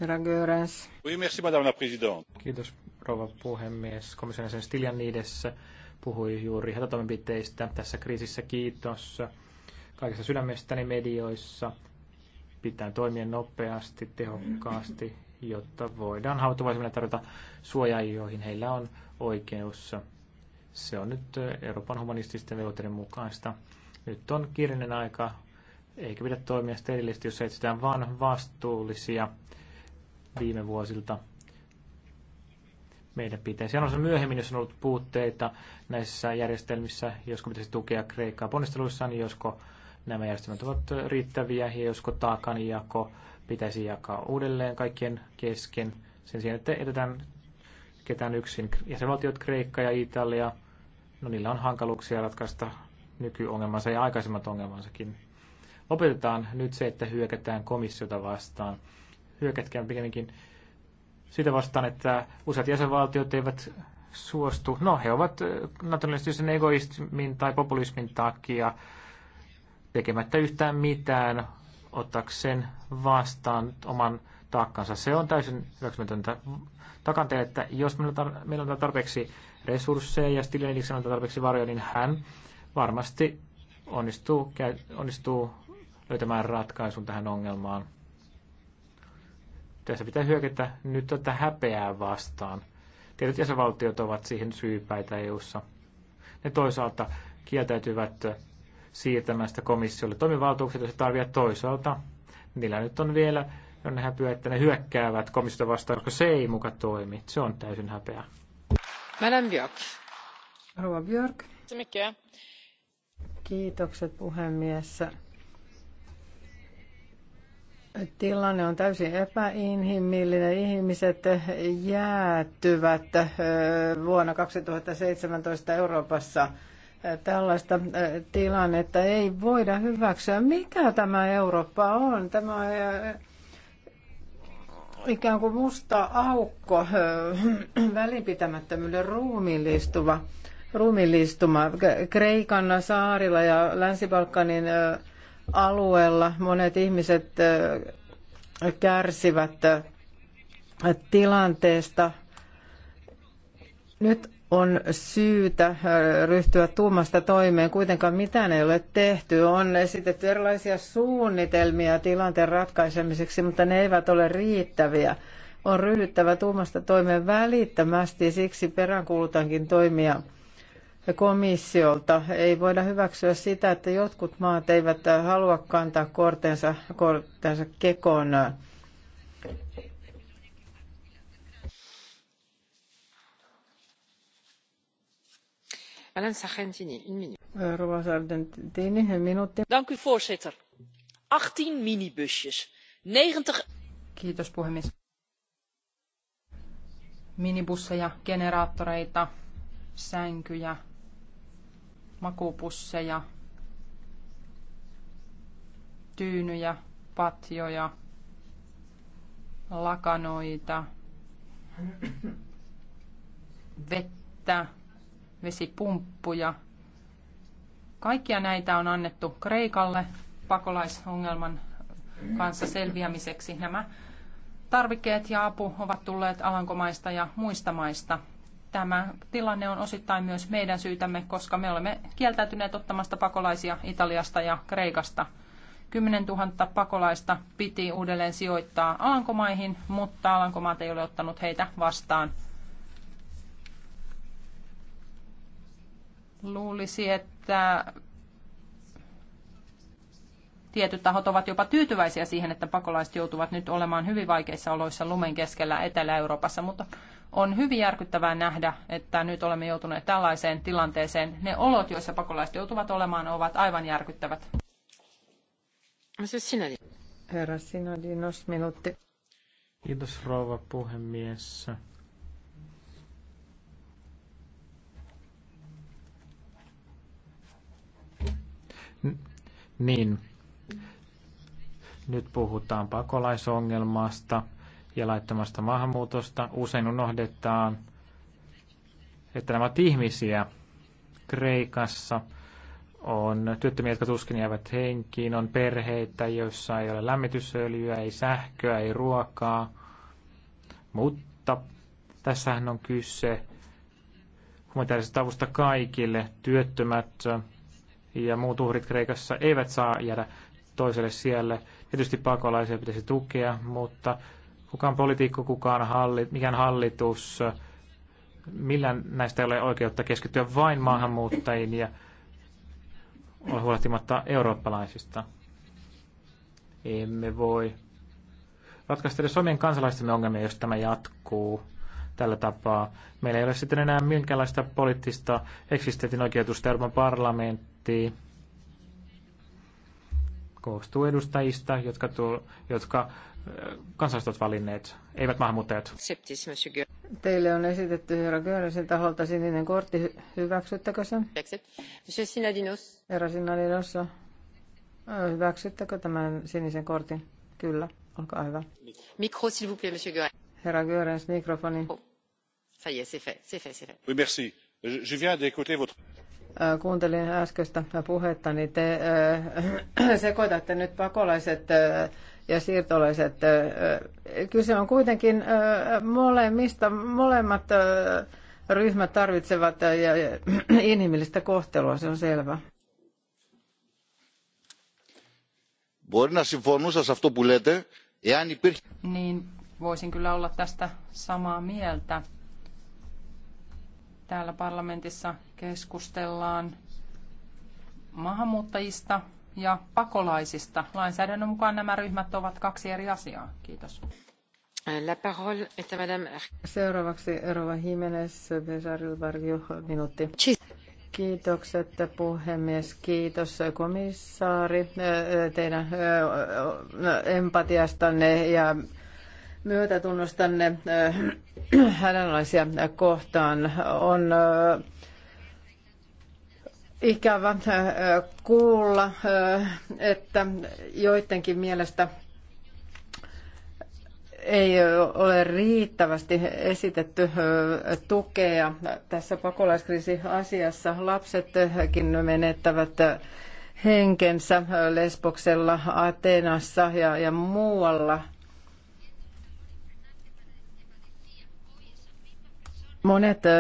Herra Görens. Oui, merci, madame la présidente. Kiitos, rouva puhemies. Komission jäsen Stiljanides puhui juuri hätätoimenpiteistä tässä kriisissä. Kiitos kaikessa sydämestäni medioissa Pitää toimia nopeasti, tehokkaasti, jotta voidaan hautuvaisemmin tarjota suojaa, joihin heillä on oikeus. Se on nyt Euroopan humanististen velvoitteiden mukaista. Nyt on kiireinen aika, eikä pidä toimia sterilisti, jos etsitään vain vastuullisia viime vuosilta meidän pitäisi. Sanoa myöhemmin, jos on ollut puutteita näissä järjestelmissä, josko pitäisi tukea Kreikkaa ponnisteluissaan, niin josko nämä järjestelmät ovat riittäviä ja josko taakanjako pitäisi jakaa uudelleen kaikkien kesken sen sijaan, että etetään ketään yksin. Jäsenvaltiot Kreikka ja Italia, no niillä on hankaluuksia ratkaista nykyongelmansa ja aikaisemmat ongelmansakin. Lopetetaan nyt se, että hyökätään komissiota vastaan. Hyökätkään pikemminkin sitä vastaan, että useat jäsenvaltiot eivät suostu. No, he ovat naturalistisen egoismin tai populismin takia tekemättä yhtään mitään ottaakseen vastaan oman taakkansa. Se on täysin hyväksymätöntä. Takanteen, että jos meillä on tarpeeksi resursseja ja Stileniliksi on tarpeeksi varjoja, niin hän varmasti onnistuu, onnistuu löytämään ratkaisun tähän ongelmaan. Tässä pitää hyökätä nyt tätä häpeää vastaan. Tietyt jäsenvaltiot ovat siihen syypäitä EU-ssa. Ne toisaalta kieltäytyvät siirtämästä komissiolle toimivaltuuksia, jos tarvitsee toisaalta. Niillä nyt on vielä on häpyä, että ne hyökkäävät komissiota vastaan, koska se ei muka toimi. Se on täysin häpeä. Madame Björk. Rova Björk. Kiitokset puhemies. Tilanne on täysin epäinhimillinen. Ihmiset jäätyvät vuonna 2017 Euroopassa tällaista äh, tilannetta ei voida hyväksyä. Mikä tämä Eurooppa on? Tämä äh, ikään kuin musta aukko, äh, välinpitämättömyyden ruumiillistuva, ruumiillistuma. Kreikan saarilla ja Länsi-Balkanin alueella monet ihmiset kärsivät tilanteesta. Nyt on syytä äh, ryhtyä tuumasta toimeen. Kuitenkaan mitään ei ole tehty. On esitetty erilaisia suunnitelmia tilanteen ratkaisemiseksi, mutta ne eivät ole riittäviä. On ryhdyttävä tuumasta toimeen välittömästi ja siksi peräänkuulutankin toimia komissiolta. Ei voida hyväksyä sitä, että jotkut maat eivät halua kantaa kortensa, kortensa kekoon voorzitter achttien minibusjes negentig. kiitos puhemies minibusseja generaattoreita sänkyjä makuupusseja tyynyjä patjoja lakanoita vettä vesipumppuja. Kaikkia näitä on annettu Kreikalle pakolaisongelman kanssa selviämiseksi. Nämä tarvikkeet ja apu ovat tulleet Alankomaista ja muista maista. Tämä tilanne on osittain myös meidän syytämme, koska me olemme kieltäytyneet ottamasta pakolaisia Italiasta ja Kreikasta. 10 000 pakolaista piti uudelleen sijoittaa Alankomaihin, mutta Alankomaat ei ole ottanut heitä vastaan. Luulisi, että tietyt tahot ovat jopa tyytyväisiä siihen, että pakolaiset joutuvat nyt olemaan hyvin vaikeissa oloissa lumen keskellä Etelä-Euroopassa, mutta on hyvin järkyttävää nähdä, että nyt olemme joutuneet tällaiseen tilanteeseen. Ne olot, joissa pakolaiset joutuvat olemaan, ovat aivan järkyttävät. Herra Sinadinos, minuutti. Kiitos rouva puhemies. Niin, nyt puhutaan pakolaisongelmasta ja laittomasta maahanmuutosta. Usein unohdetaan, että nämä ihmisiä. Kreikassa on työttömiä, jotka tuskin jäävät henkiin, on perheitä, joissa ei ole lämmitysöljyä, ei sähköä, ei ruokaa. Mutta tässähän on kyse humanitaarisesta avusta kaikille. Työttömät, ja muut uhrit Kreikassa eivät saa jäädä toiselle siellä. Tietysti pakolaisia pitäisi tukea, mutta kukaan poliitikko, kukaan halli, mikään hallitus, millään näistä ei ole oikeutta keskittyä vain maahanmuuttajiin ja olla huolehtimatta eurooppalaisista. Emme voi ratkaista edes omien kansalaistemme ongelmia, jos tämä jatkuu tällä tapaa. Meillä ei ole sitten enää minkäänlaista poliittista eksistentin oikeutusta Euroopan parlamentti parlamentti koostuu edustajista, jotka, tuo, jotka kansalaiset ovat valinneet, eivät maahanmuuttajat. Teille on esitetty herra Göransin taholta sininen kortti. Hyväksyttekö sen? Herra Sinadinos, hyväksyttekö tämän sinisen kortin? Kyllä, olkaa hyvä. Mikro, s'il vous plaît, monsieur Görens. Herra Görens, mikrofoni. Oh. Ça y est, c'est fait, c'est fait, c'est fait. Oui, merci. Je viens d'écouter votre... Äh, kuuntelin äskeistä puhetta, niin te äh, [CLEARS THROAT] sekoitatte nyt pakolaiset äh, ja siirtolaiset. Kyse on kuitenkin molemmista. Molemmat ryhmät tarvitsevat [CLEARS THROAT] inhimillistä kohtelua, se on selvä. Μπορεί να συμφωνούσα σε αυτό που λέτε, εάν υπήρχε... Niin, voisin kyllä olla tästä samaa mieltä Täällä parlamentissa keskustellaan maahanmuuttajista ja pakolaisista. Lainsäädännön mukaan nämä ryhmät ovat kaksi eri asiaa. Kiitos. La parole est à madame... Seuraavaksi Rova Jimenez, Besaril Barrio, minuutti. Kiitokset puhemies, kiitos komissaari teidän empatiastanne ja myötätunnostanne äh, [CLEARS THROAT] hädänalaisia kohtaan. On äh, ikävä äh, kuulla, että joidenkin mielestä ei ole riittävästi esitetty tukea tässä pakolaiskriisiasiassa. Lapsetkin menettävät henkensä Lesboksella, Atenassa ja, ja muualla – Monet äh,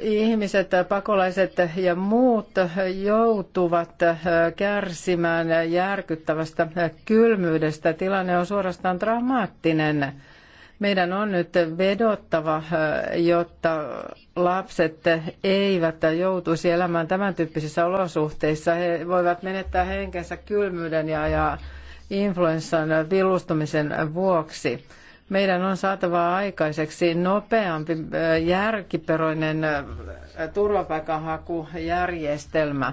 ihmiset, äh, pakolaiset ja muut joutuvat äh, kärsimään järkyttävästä kylmyydestä. Tilanne on suorastaan dramaattinen. Meidän on nyt vedottava, jotta lapset eivät joutuisi elämään tämän tyyppisissä olosuhteissa. He voivat menettää henkensä kylmyyden ja, ja influenssan villustumisen vuoksi. Meidän on saatava aikaiseksi nopeampi, järkiperoinen turvapaikanhakujärjestelmä,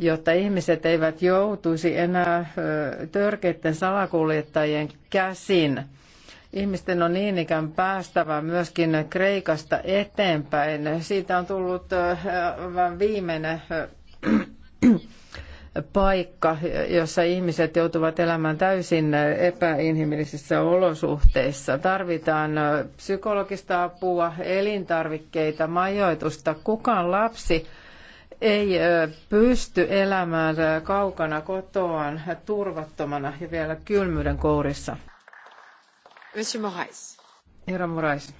jotta ihmiset eivät joutuisi enää törkeiden salakuljettajien käsin. Ihmisten on niin ikään päästävä myöskin Kreikasta eteenpäin. Siitä on tullut vain viimeinen paikka, jossa ihmiset joutuvat elämään täysin epäinhimillisissä olosuhteissa. Tarvitaan psykologista apua, elintarvikkeita, majoitusta. Kukaan lapsi ei pysty elämään kaukana kotoaan turvattomana ja vielä kylmyyden kourissa. Monsieur Morais. Herra Morais.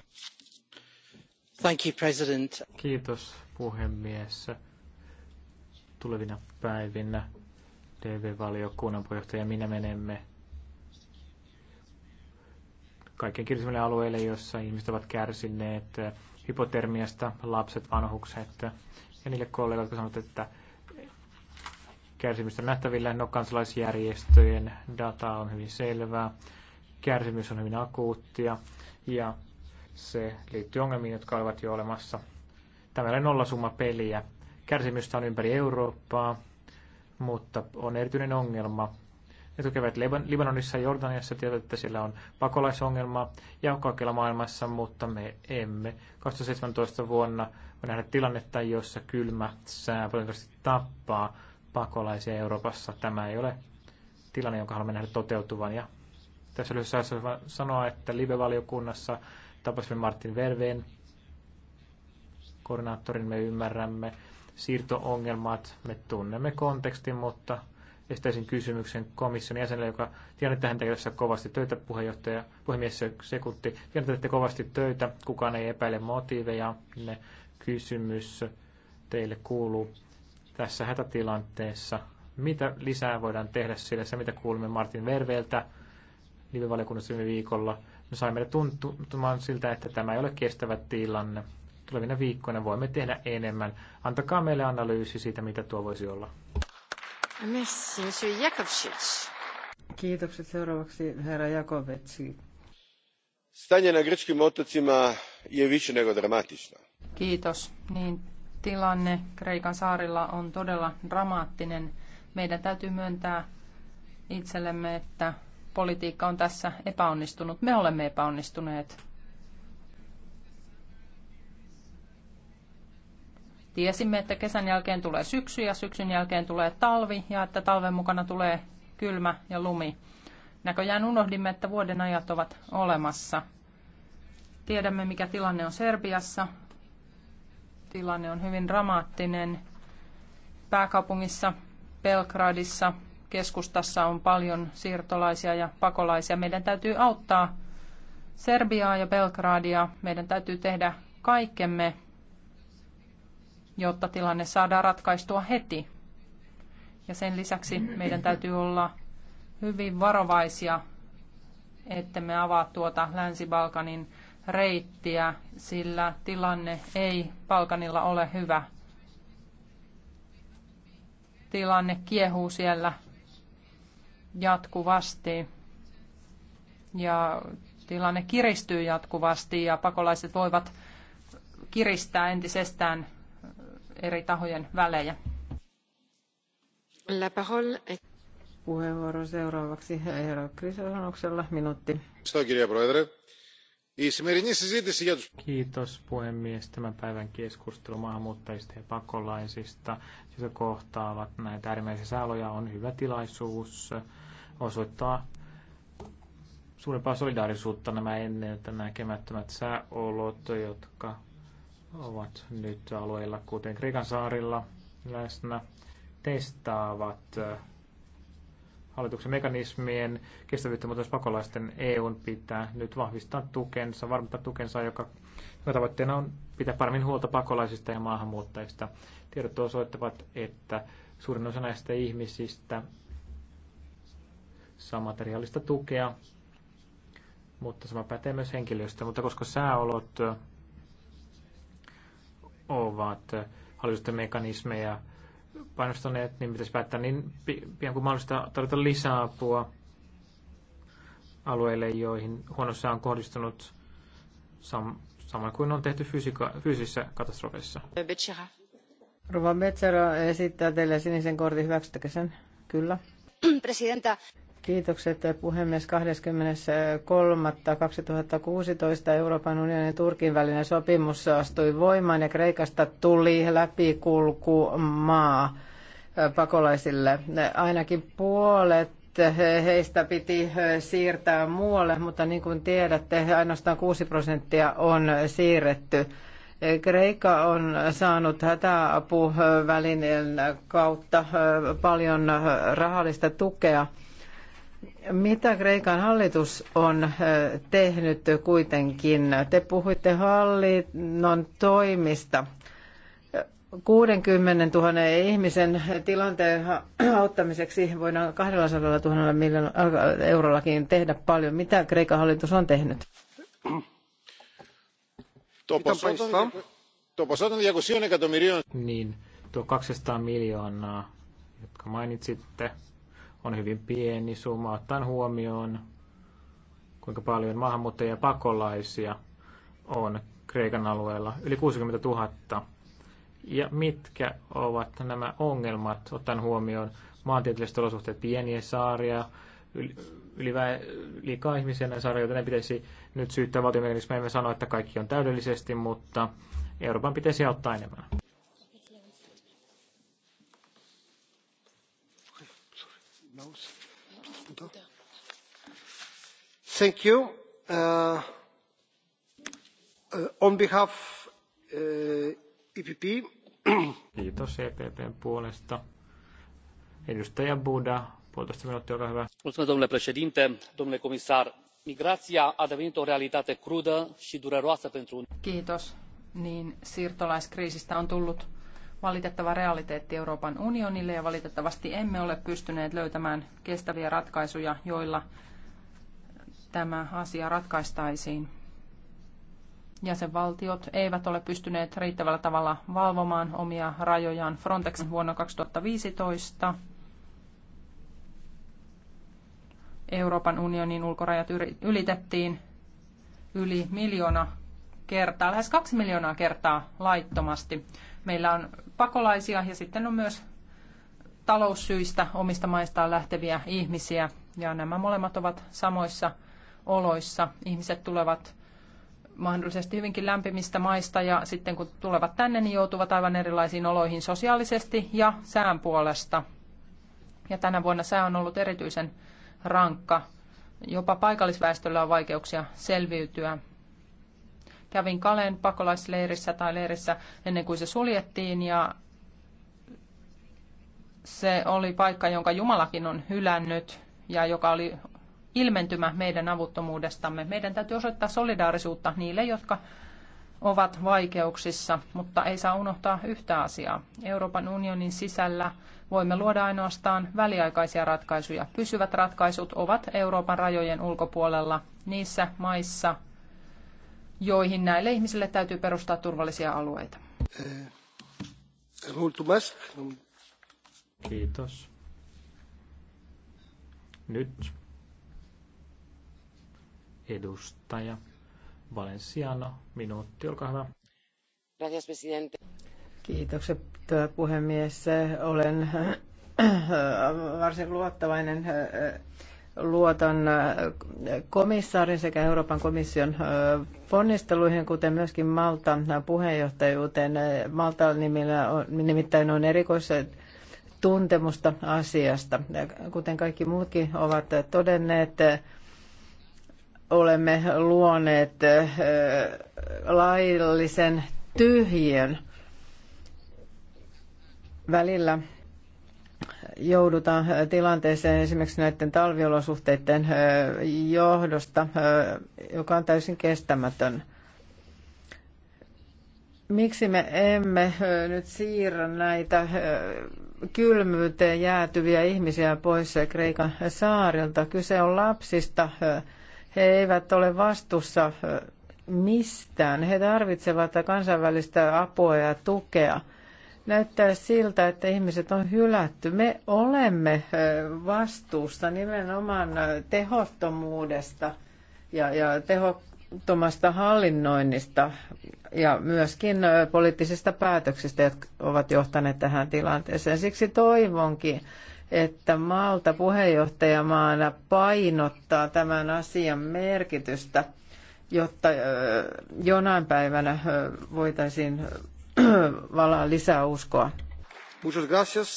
Thank you, President. Kiitos, puhemies tulevina päivinä dv valiokunnan puheenjohtaja minä menemme kaiken kirjallisemmille alueille, joissa ihmiset ovat kärsineet hypotermiasta, lapset, vanhukset ja niille kollegat, jotka sanovat, että kärsimystä nähtävillä, no kansalaisjärjestöjen data on hyvin selvää, kärsimys on hyvin akuuttia ja se liittyy ongelmiin, jotka olivat jo olemassa. Tämä ei ole nollasumma peliä, Kärsimystä on ympäri Eurooppaa, mutta on erityinen ongelma. Ne tukevat Libanonissa ja Jordaniassa tietävät, että siellä on pakolaisongelma ja kaikilla maailmassa, mutta me emme 2017 vuonna voi nähdä tilannetta, jossa kylmä sää valitettavasti tappaa pakolaisia Euroopassa. Tämä ei ole tilanne, jonka haluamme nähdä toteutuvan. Ja tässä lyhyessä ajassa sanoa, että live-valiokunnassa tapasimme Martin Verveen koordinaattorin, me ymmärrämme siirtoongelmat. Me tunnemme kontekstin, mutta estäisin kysymyksen komission jäsenelle, joka tiedän, että hän tekee tässä kovasti töitä, puheenjohtaja, puhemies Sekutti, tiedän, että kovasti töitä, kukaan ei epäile motiiveja, ne kysymys teille kuuluu tässä hätätilanteessa. Mitä lisää voidaan tehdä sillä se, mitä kuulimme Martin Verveeltä live-valiokunnassa viime viikolla, me saimme tuntumaan siltä, että tämä ei ole kestävä tilanne tulevina viikkoina voimme tehdä enemmän. Antakaa meille analyysi siitä, mitä tuo voisi olla. Merci, monsieur Jakovčić. Kiitokset seuraavaksi herra Jakovets. Stanje na grčkim otocima je više nego dramatično. Kiitos. Niin, tilanne Kreikan saarilla on todella dramaattinen. Meidän täytyy myöntää itsellemme, että politiikka on tässä epäonnistunut. Me olemme epäonnistuneet. Tiesimme, että kesän jälkeen tulee syksy ja syksyn jälkeen tulee talvi ja että talven mukana tulee kylmä ja lumi. Näköjään unohdimme, että vuoden ajat ovat olemassa. Tiedämme, mikä tilanne on Serbiassa. Tilanne on hyvin dramaattinen. Pääkaupungissa Belgradissa keskustassa on paljon siirtolaisia ja pakolaisia. Meidän täytyy auttaa Serbiaa ja Belgradia. Meidän täytyy tehdä kaikkemme jotta tilanne saadaan ratkaistua heti. Ja sen lisäksi meidän täytyy olla hyvin varovaisia, että me avaa tuota Länsi-Balkanin reittiä, sillä tilanne ei Balkanilla ole hyvä. Tilanne kiehuu siellä jatkuvasti ja tilanne kiristyy jatkuvasti ja pakolaiset voivat kiristää entisestään eri tahojen välejä. La parole est... Puheenvuoro seuraavaksi Eero Krisosonoksella, minuutti. Kiitos puhemies. Tämän päivän keskustelu maahanmuuttajista ja pakolaisista, jotka kohtaavat näitä äärimmäisiä sääloja, on hyvä tilaisuus osoittaa suurempaa solidaarisuutta nämä ennen näkemättömät sääolot, jotka ovat nyt alueilla, kuten Kreikan saarilla läsnä, testaavat hallituksen mekanismien kestävyyttä, mutta myös pakolaisten EUn pitää nyt vahvistaa tukensa, varmistaa tukensa, joka, joka tavoitteena on pitää paremmin huolta pakolaisista ja maahanmuuttajista. Tiedot osoittavat, että suurin osa näistä ihmisistä saa materiaalista tukea, mutta sama pätee myös henkilöstä. Mutta koska sääolot ovat hallitusten mekanismeja painostaneet, niin pitäisi päättää niin pian kuin mahdollista tarjota lisäapua alueille, joihin huonossa on kohdistunut sam- samoin kuin on tehty fyysika- fyysisissä katastrofeissa. Rova Betsero esittää teille sinisen kortin. Hyväksyttekö sen? Kyllä. Presidenta. Kiitokset puhemies 23.2016 Euroopan unionin ja Turkin välinen sopimus astui voimaan ja Kreikasta tuli maa pakolaisille. Ainakin puolet heistä piti siirtää muualle, mutta niin kuin tiedätte, ainoastaan 6 prosenttia on siirretty. Kreikka on saanut hätäapuvälineen kautta paljon rahallista tukea – mitä Kreikan hallitus on tehnyt kuitenkin? Te puhuitte hallinnon toimista. 60 000 ihmisen tilanteen auttamiseksi voidaan 200 000 miljoonaa eurollakin tehdä paljon. Mitä Kreikan hallitus on tehnyt? Niin, tuo 200 miljoonaa, jotka mainitsitte, on hyvin pieni summa ottaen huomioon, kuinka paljon maahanmuuttajia ja pakolaisia on Kreikan alueella, yli 60 000. Ja mitkä ovat nämä ongelmat ottaen huomioon maantieteelliset olosuhteet, pieniä saaria, yli, yli vä, liikaa ihmisiä näin saaria, ne pitäisi nyt syyttää valtiomielisesti. Me emme sano, että kaikki on täydellisesti, mutta Euroopan pitäisi auttaa enemmän. Thank you. Uh, uh, on behalf uh, EPP. Kiitos EPPn puolesta. Edustaja Buda, puolitoista minuuttia, olkaa hyvä. Mulțumesc, domnule președinte, domnule comisar. Migrația a devenit o realitate crudă și dureroasă pentru... Kiitos. Niin siirtolaiskriisistä on tullut valitettava realiteetti Euroopan unionille ja valitettavasti emme ole pystyneet löytämään kestäviä ratkaisuja, joilla tämä asia ratkaistaisiin. Jäsenvaltiot eivät ole pystyneet riittävällä tavalla valvomaan omia rajojaan Frontexin vuonna 2015. Euroopan unionin ulkorajat ylitettiin yli miljoona kertaa, lähes kaksi miljoonaa kertaa laittomasti. Meillä on pakolaisia ja sitten on myös taloussyistä omista maistaan lähteviä ihmisiä. Ja nämä molemmat ovat samoissa oloissa. Ihmiset tulevat mahdollisesti hyvinkin lämpimistä maista ja sitten kun tulevat tänne, niin joutuvat aivan erilaisiin oloihin sosiaalisesti ja sään puolesta. Ja tänä vuonna sää on ollut erityisen rankka. Jopa paikallisväestöllä on vaikeuksia selviytyä. Kävin Kalen pakolaisleirissä tai leirissä ennen kuin se suljettiin ja se oli paikka, jonka Jumalakin on hylännyt ja joka oli ilmentymä meidän avuttomuudestamme. Meidän täytyy osoittaa solidaarisuutta niille, jotka ovat vaikeuksissa, mutta ei saa unohtaa yhtä asiaa. Euroopan unionin sisällä voimme luoda ainoastaan väliaikaisia ratkaisuja. Pysyvät ratkaisut ovat Euroopan rajojen ulkopuolella niissä maissa, joihin näille ihmisille täytyy perustaa turvallisia alueita. Kiitos. Nyt edustaja Valenciano, minuutti, olkaa hyvä. Gracias, presidente. Kiitokset puhemies. Olen varsin luottavainen luotan äh, komissaarin sekä Euroopan komission äh, ponnisteluihin, kuten myöskin Maltan äh, puheenjohtajuuteen. Malta nimillä nimittäin on erikoiset tuntemusta asiasta. Kuten kaikki muutkin ovat todenneet, olemme luoneet laillisen tyhjön välillä joudutaan äh, tilanteeseen esimerkiksi näiden talviolosuhteiden äh, johdosta, äh, joka on täysin kestämätön. Miksi me emme nyt siirrä näitä kylmyyteen jäätyviä ihmisiä pois Kreikan saarilta? Kyse on lapsista. He eivät ole vastuussa mistään. He tarvitsevat kansainvälistä apua ja tukea – näyttää siltä, että ihmiset on hylätty. Me olemme vastuussa nimenomaan tehottomuudesta ja, ja tehottomasta hallinnoinnista ja myöskin poliittisista päätöksistä, jotka ovat johtaneet tähän tilanteeseen. Siksi toivonkin, että Malta puheenjohtajamaana painottaa tämän asian merkitystä, jotta jonain päivänä voitaisiin [CLEARS THROAT] valaa lisää uskoa. Muchas gracias.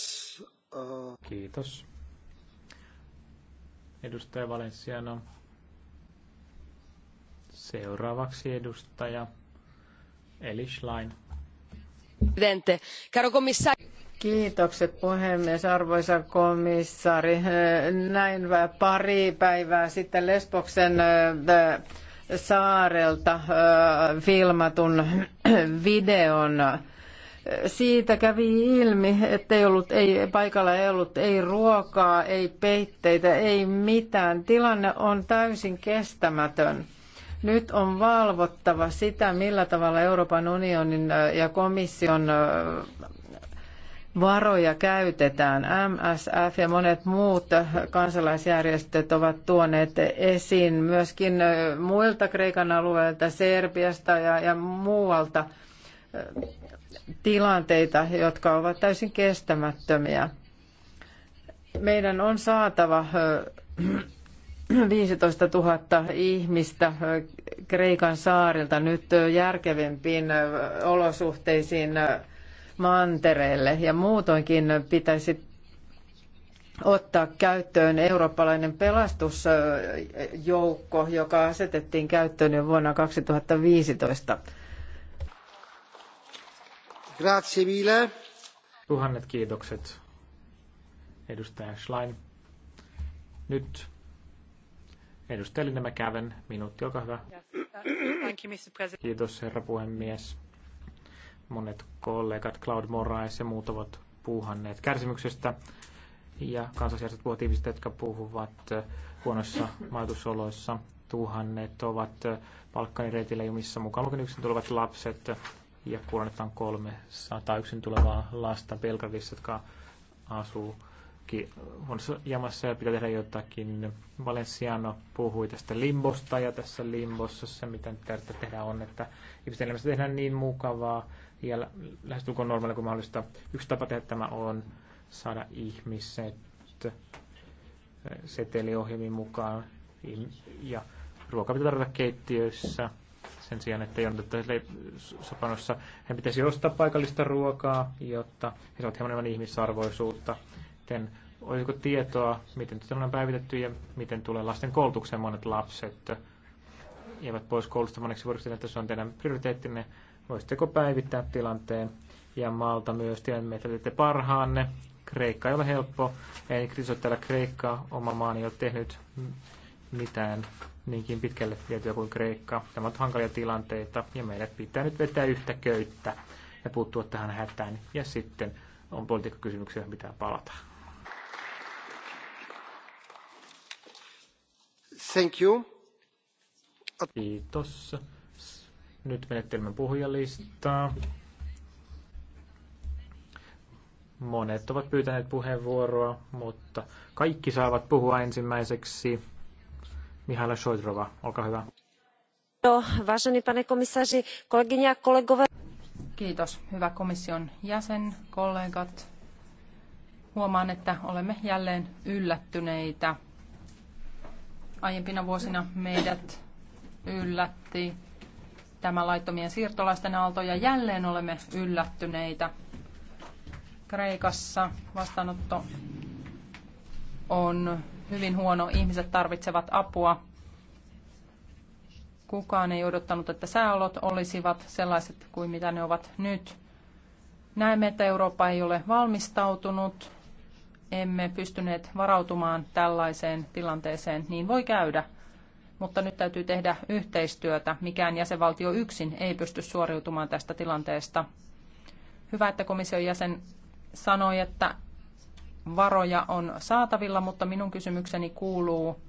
Uh, Kiitos. Edustaja Valenciano. Seuraavaksi edustaja Eli Schlein. Kiitokset puhemies, arvoisa komissaari. Näin pari päivää sitten Lesboksen äh, saarelta filmatun videon. Siitä kävi ilmi, että ei ollut, ei, paikalla ei ollut ei ruokaa, ei peitteitä, ei mitään. Tilanne on täysin kestämätön. Nyt on valvottava sitä, millä tavalla Euroopan unionin ja komission varoja käytetään. MSF ja monet muut kansalaisjärjestöt ovat tuoneet esiin myöskin muilta Kreikan alueilta, Serbiasta ja, ja muualta äh, tilanteita, jotka ovat täysin kestämättömiä. Meidän on saatava 15 äh, 000 [CLEARS THROAT] ihmistä äh, Kreikan saarilta nyt järkevimpiin olosuhteisiin mantereelle ja muutoinkin pitäisi ottaa käyttöön eurooppalainen pelastusjoukko, joka asetettiin käyttöön jo vuonna 2015. Grazie mille. Tuhannet kiitokset, edustaja Schlein. Nyt edustaja käven. minuutti, olkaa hyvä. Kiitos herra puhemies. Monet kollegat, Cloud Morais ja muut ovat puuhanneet kärsimyksestä. Ja kansalaisjärjestöt puhuvat ihmisistä, jotka puhuvat eh, huonoissa majoitusoloissa. Tuhannet ovat eh, Balkanireitillä jumissa mukaan lukien yksin tulevat lapset ja kuolonetta kolme sata yksin tulevaa lasta Belgradissa, jotka asuu huonossa jamassa ja pitää tehdä jotakin. Valenciano puhui tästä limbosta ja tässä limbossa se, mitä tärkeää tehdä on, että ihmisten elämässä tehdään niin mukavaa, vielä lähestulkoon normaalilla kuin mahdollista. Yksi tapa tehdä tämä on saada ihmiset eh, seteliohjelmiin mukaan ja ruoka pitää tarjota keittiöissä sen sijaan, että ei ole sopanossa. Hän pitäisi ostaa paikallista ruokaa, jotta he saavat hieman enemmän ihmisarvoisuutta. Joten olisiko tietoa, miten tätä on päivitetty ja miten tulee lasten koulutukseen monet lapset jäävät pois koulusta moneksi vuodeksi, että se on teidän prioriteettinne Voisitteko päivittää tilanteen? Ja Malta myös, tiedämme, että teette parhaanne. Kreikka ei ole helppo, ei kritisoi Kreikkaa, oma maani ei ole tehnyt mitään niinkin pitkälle vietyä kuin Kreikka. Tämä on hankalia tilanteita ja meidän pitää nyt vetää yhtä köyttä ja puuttua tähän hätään. Ja sitten on politiikkakysymyksiä, mitä pitää palata. Thank you. Kiitos. Nyt menettelemme puhujalistaa. Monet ovat pyytäneet puheenvuoroa, mutta kaikki saavat puhua ensimmäiseksi. Mihaila Šojdrova, olkaa hyvä. No, vážený pane komisaři, kolegyně a kolegové. Kiitos, hyvä komission jäsen, kollegat. Huomaan, että olemme jälleen yllättyneitä. Aiempina vuosina meidät yllätti tämä laittomien siirtolaisten aalto ja jälleen olemme yllättyneitä. Kreikassa vastaanotto on hyvin huono, ihmiset tarvitsevat apua. Kukaan ei odottanut, että sääolot olisivat sellaiset kuin mitä ne ovat nyt. Näemme, että Eurooppa ei ole valmistautunut. Emme pystyneet varautumaan tällaiseen tilanteeseen. Niin voi käydä mutta nyt täytyy tehdä yhteistyötä. Mikään jäsenvaltio yksin ei pysty suoriutumaan tästä tilanteesta. Hyvä, että komission jäsen sanoi, että varoja on saatavilla, mutta minun kysymykseni kuuluu,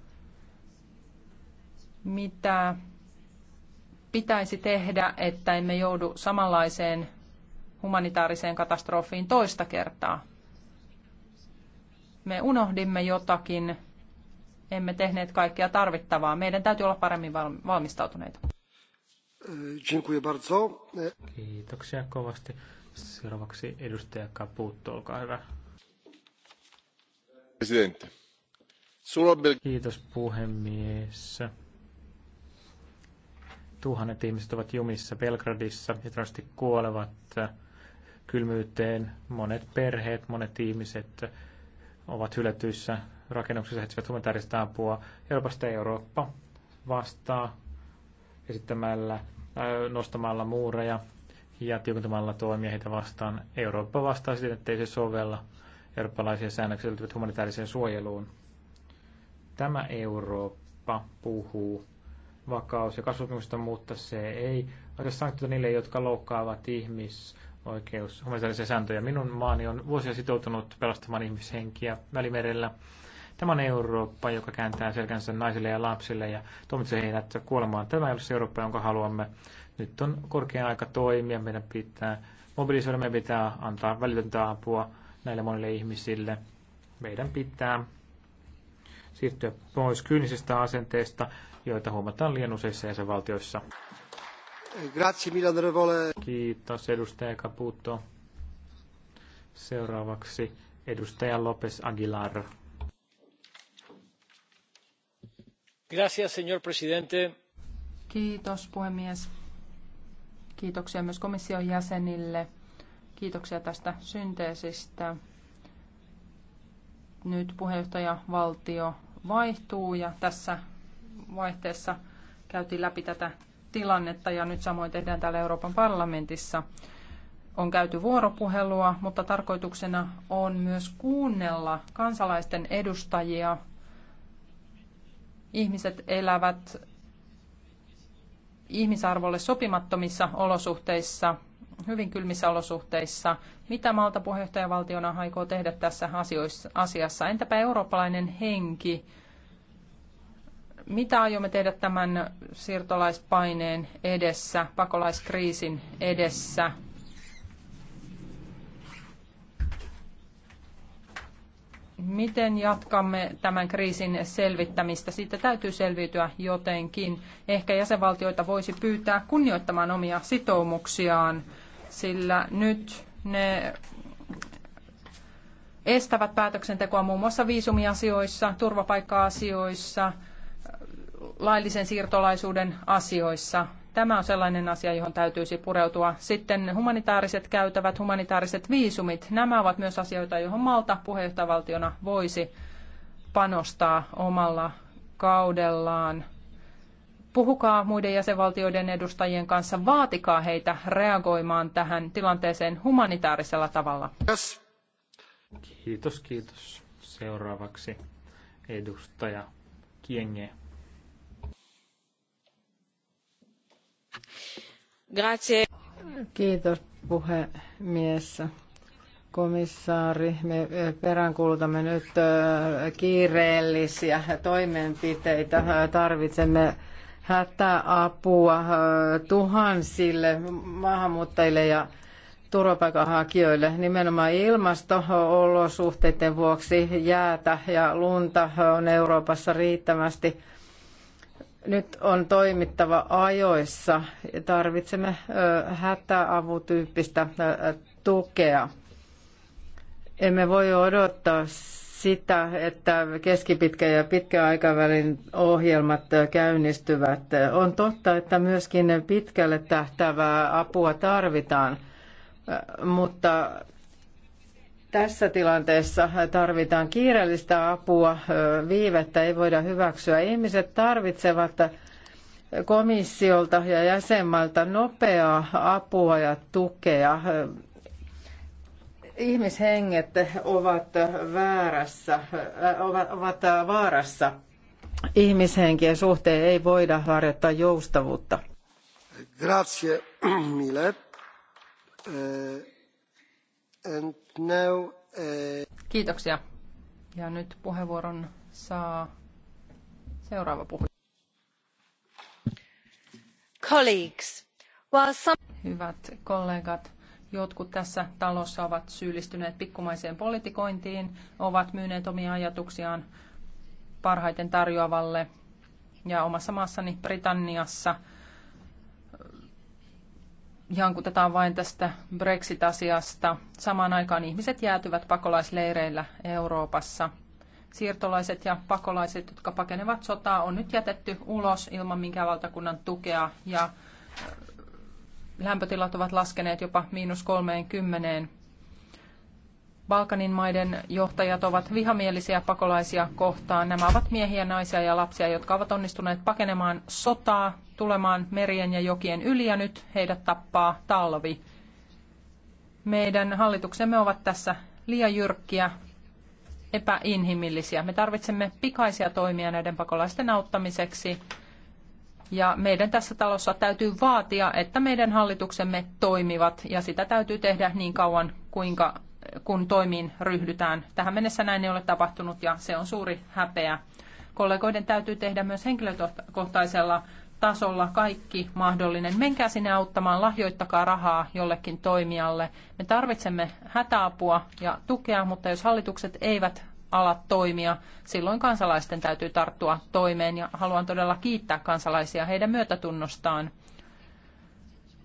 mitä pitäisi tehdä, että emme joudu samanlaiseen humanitaariseen katastrofiin toista kertaa. Me unohdimme jotakin emme tehneet kaikkea tarvittavaa. Meidän täytyy olla paremmin valmistautuneita. Kiitoksia kovasti. Seuraavaksi edustaja Caputo, olkaa hyvä. Presidente. Kiitos puhemies. Tuhannet ihmiset ovat jumissa Belgradissa ja todennäköisesti kuolevat kylmyyteen. Monet perheet, monet ihmiset ovat hylätyissä rakennuksessa etsivät humanitaarista apua. Helposti Eurooppa vastaa esittämällä, nostamalla muureja ja tiukentamalla toimia heitä vastaan. Eurooppa vastaa siten, ettei se sovella eurooppalaisia säännöksiä liittyvät humanitaariseen suojeluun. Tämä Eurooppa puhuu vakaus- ja kasvatuksesta, mutta se ei aika sanktioita niille, jotka loukkaavat ihmisoikeus, humanitaarisia sääntöjä. Minun maani on vuosia sitoutunut pelastamaan ihmishenkiä välimerellä Tämä on Eurooppa, joka kääntää selkänsä naisille ja lapsille ja tuomitsee heidät kuolemaan. Tämä ei ole se Eurooppa, jonka haluamme. Nyt on korkea aika toimia. Meidän pitää mobilisoida, meidän pitää antaa välitöntä apua näille monille ihmisille. Meidän pitää siirtyä pois kyynisistä asenteista, joita huomataan liian useissa jäsenvaltioissa. Kiitos, edustaja Caputo. Seuraavaksi edustaja Lopes Aguilar. señor presidente. Kiitos puhemies. Kiitoksia myös komission jäsenille. Kiitoksia tästä synteesistä. Nyt puheenjohtajavaltio vaihtuu ja tässä vaihteessa käytiin läpi tätä tilannetta ja nyt samoin tehdään täällä Euroopan parlamentissa. On käyty vuoropuhelua, mutta tarkoituksena on myös kuunnella kansalaisten edustajia ihmiset elävät ihmisarvolle sopimattomissa olosuhteissa, hyvin kylmissä olosuhteissa. Mitä Malta puheenjohtajavaltiona aikoo tehdä tässä asiassa? Entäpä eurooppalainen henki? Mitä aiomme tehdä tämän siirtolaispaineen edessä, pakolaiskriisin edessä? miten jatkamme tämän kriisin selvittämistä. Siitä täytyy selviytyä jotenkin. Ehkä jäsenvaltioita voisi pyytää kunnioittamaan omia sitoumuksiaan, sillä nyt ne estävät päätöksentekoa muun muassa viisumiasioissa, turvapaikka-asioissa, laillisen siirtolaisuuden asioissa. Tämä on sellainen asia, johon täytyisi pureutua. Sitten humanitaariset käytävät, humanitaariset viisumit, nämä ovat myös asioita, johon Malta puheenjohtajavaltiona voisi panostaa omalla kaudellaan. Puhukaa muiden jäsenvaltioiden edustajien kanssa, vaatikaa heitä reagoimaan tähän tilanteeseen humanitaarisella tavalla. Yes. Kiitos, kiitos. Seuraavaksi edustaja Kienge. Grazie. Kiitos puhemies. Komissaari, me peräänkuulutamme nyt äh, kiireellisiä toimenpiteitä. Tarvitsemme hätäapua äh, tuhansille maahanmuuttajille ja turvapaikanhakijoille nimenomaan ilmasto-olosuhteiden vuoksi jäätä ja lunta on Euroopassa riittävästi nyt on toimittava ajoissa. Tarvitsemme hätäavutyyppistä tukea. Emme voi odottaa sitä, että keskipitkä ja pitkäaikavälin aikavälin ohjelmat käynnistyvät. On totta, että myöskin pitkälle tähtävää apua tarvitaan, mutta tässä tilanteessa tarvitaan kiireellistä apua, viivettä ei voida hyväksyä. Ihmiset tarvitsevat komissiolta ja jäsenmailta nopeaa apua ja tukea. Ihmishenget ovat, väärässä, ovat, ovat vaarassa. Ihmishenkien suhteen ei voida harjoittaa joustavuutta. Grazie mille. Uh, Kiitoksia. Ja nyt puheenvuoron saa seuraava puhuja. Colleagues, while some... Hyvät kollegat, jotkut tässä talossa ovat syyllistyneet pikkumaiseen politikointiin, ovat myyneet omia ajatuksiaan parhaiten tarjoavalle. Ja omassa maassani Britanniassa jankutetaan vain tästä Brexit-asiasta. Samaan aikaan ihmiset jäätyvät pakolaisleireillä Euroopassa. Siirtolaiset ja pakolaiset, jotka pakenevat sotaa, on nyt jätetty ulos ilman minkään valtakunnan tukea ja äh, lämpötilat ovat laskeneet jopa miinus 30. Balkanin maiden johtajat ovat vihamielisiä pakolaisia kohtaan. Nämä ovat miehiä, naisia ja lapsia, jotka ovat onnistuneet pakenemaan sotaa, tulemaan merien ja jokien yli ja nyt heidät tappaa talvi. Meidän hallituksemme ovat tässä liian jyrkkiä, epäinhimillisiä. Me tarvitsemme pikaisia toimia näiden pakolaisten auttamiseksi ja meidän tässä talossa täytyy vaatia, että meidän hallituksemme toimivat ja sitä täytyy tehdä niin kauan, kuinka, kun toimiin ryhdytään. Tähän mennessä näin ei ole tapahtunut ja se on suuri häpeä. Kollegoiden täytyy tehdä myös henkilökohtaisella tasolla kaikki mahdollinen. Menkää sinne auttamaan, lahjoittakaa rahaa jollekin toimijalle. Me tarvitsemme hätäapua ja tukea, mutta jos hallitukset eivät ala toimia, silloin kansalaisten täytyy tarttua toimeen ja haluan todella kiittää kansalaisia heidän myötätunnostaan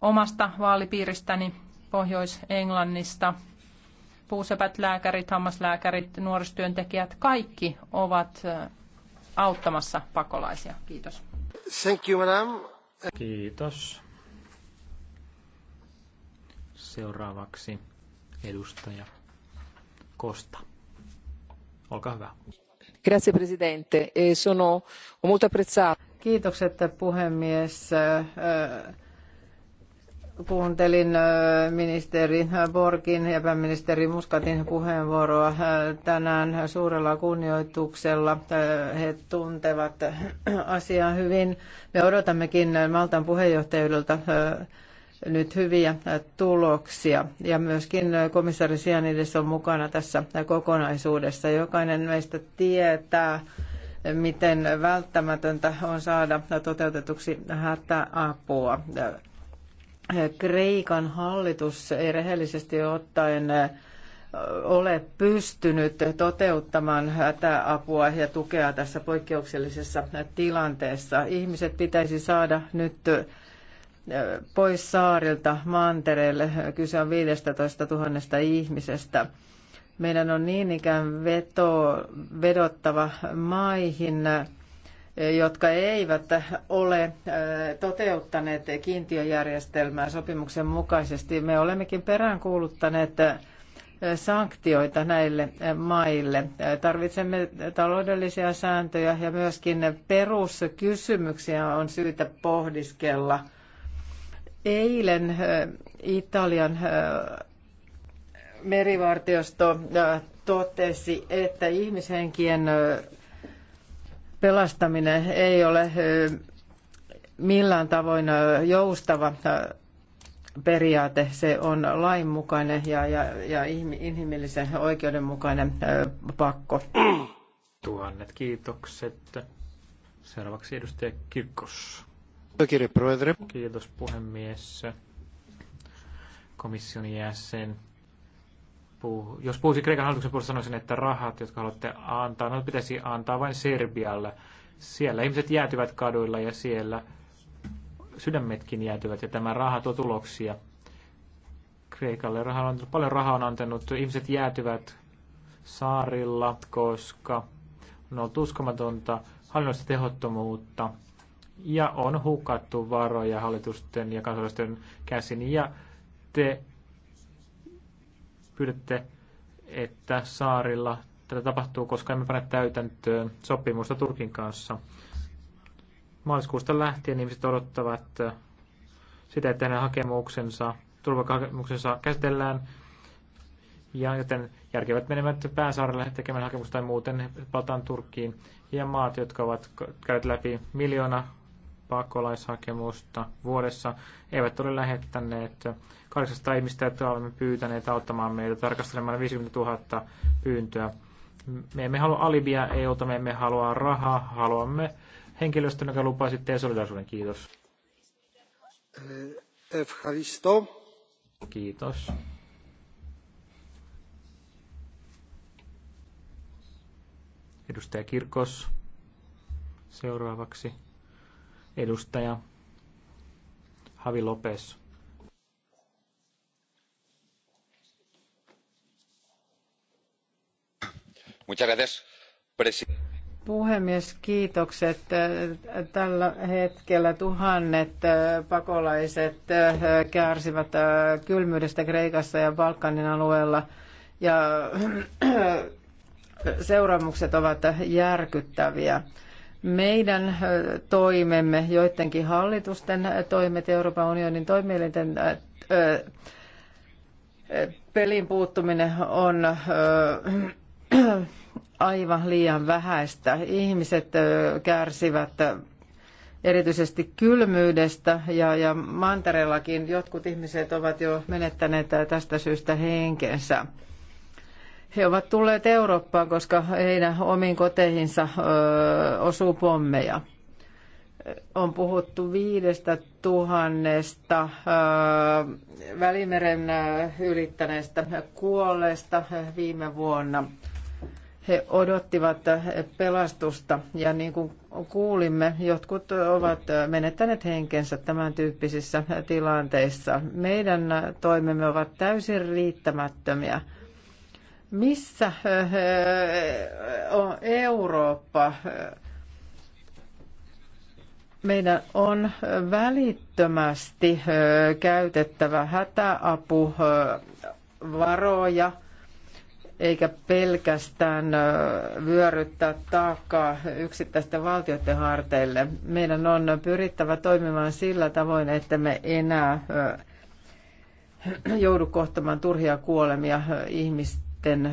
omasta vaalipiiristäni Pohjois-Englannista. Puusepät, lääkärit, hammaslääkärit, nuorisotyöntekijät, kaikki ovat auttamassa pakolaisia. Kiitos. Thank you, madam. Kiitos. Seuraavaksi edustaja Costa. Olkaa hyvä. Grazie Presidente. Eh, sono molto apprezzato. Kiitokset puhemies eh, kuuntelin ministeri Borgin ja pääministeri Muskatin puheenvuoroa tänään suurella kunnioituksella. He tuntevat asiaa hyvin. Me odotammekin Maltan puheenjohtajuudelta nyt hyviä tuloksia. Ja myöskin komissaari Sianides on mukana tässä kokonaisuudessa. Jokainen meistä tietää, miten välttämätöntä on saada toteutetuksi hätäapua. Kreikan hallitus ei rehellisesti ottaen ole pystynyt toteuttamaan hätäapua ja tukea tässä poikkeuksellisessa tilanteessa. Ihmiset pitäisi saada nyt pois saarilta mantereelle. Kyse on 15 000 ihmisestä. Meidän on niin ikään veto, vedottava maihin jotka eivät ole äh, toteuttaneet kiintiöjärjestelmää sopimuksen mukaisesti. Me olemmekin peräänkuuluttaneet äh, sanktioita näille äh, maille. Tarvitsemme taloudellisia sääntöjä ja myöskin peruskysymyksiä on syytä pohdiskella. Eilen Italian merivartiosto totesi, että ihmishenkien pelastaminen ei ole millään tavoin joustava periaate. Se on lainmukainen ja, ja, ja inhimillisen oikeudenmukainen pakko. Tuhannet kiitokset. Seuraavaksi edustaja Kirkos. Kiitos puhemies. Komission jäsen puhu, jos puhuisin Kreikan hallituksen puolesta, sanoisin, että rahat, jotka haluatte antaa, no pitäisi antaa vain Serbialle. Siellä ihmiset jäätyvät kaduilla ja siellä sydämetkin jäätyvät ja tämä raha tuo tuloksia. Kreikalle raha on, paljon rahaa on antanut, ihmiset jäätyvät saarilla, koska on ollut uskomatonta hallinnollista tehottomuutta ja on hukattu varoja hallitusten ja kansalaisten käsin ja te pyydätte, että saarilla tätä tapahtuu, koska emme pane täytäntöön sopimusta Turkin kanssa. Maaliskuusta lähtien ihmiset odottavat sitä, että hänen hakemuksensa, turvapaikkahakemuksensa käsitellään, ja joten järkevät menemät pääsaarelle tekemään hakemusta tai muuten palataan Turkkiin. Ja maat, jotka ovat käyneet läpi miljoona pakolaishakemusta vuodessa, eivät ole lähettäneet 800 ihmistä, jotka olemme pyytäneet auttamaan meitä tarkastelemaan 50 000 pyyntöä. Me emme halua alibia EUta, me emme halua rahaa, haluamme henkilöstön, joka lupaa sitten solidaisuuden. Kiitos. Eh, Evharisto. Kiitos. Edustaja Kirkos. Seuraavaksi edustaja Havi Lopes. Puhemies, kiitokset. Tällä hetkellä tuhannet äh, pakolaiset äh, kärsivät äh, kylmyydestä Kreikassa ja Balkanin alueella ja [CLEARS THROAT] seuraamukset ovat järkyttäviä. Meidän toimemme, joidenkin hallitusten toimet, Euroopan unionin toimielinten pelin puuttuminen on [CLEARS THROAT] aivan liian vähäistä. Ihmiset kärsivät erityisesti kylmyydestä ja, ja mantereellakin jotkut ihmiset ovat jo menettäneet tästä syystä henkensä. He ovat tulleet Eurooppaan, koska heidän omiin koteihinsa ö, osuu pommeja. On puhuttu viidestä tuhannesta ö, Välimeren ylittäneestä kuolleesta viime vuonna he odottivat pelastusta ja niin kuin kuulimme, jotkut ovat menettäneet henkensä tämän tyyppisissä tilanteissa. Meidän toimemme ovat täysin riittämättömiä. Missä eh, on Eurooppa? Meidän on välittömästi eh, käytettävä hätäapuvaroja – eikä pelkästään vyöryttää taakkaa yksittäisten valtioiden harteille. Meidän on pyrittävä toimimaan sillä tavoin, että me enää joudu kohtamaan turhia kuolemia. Ihmisten,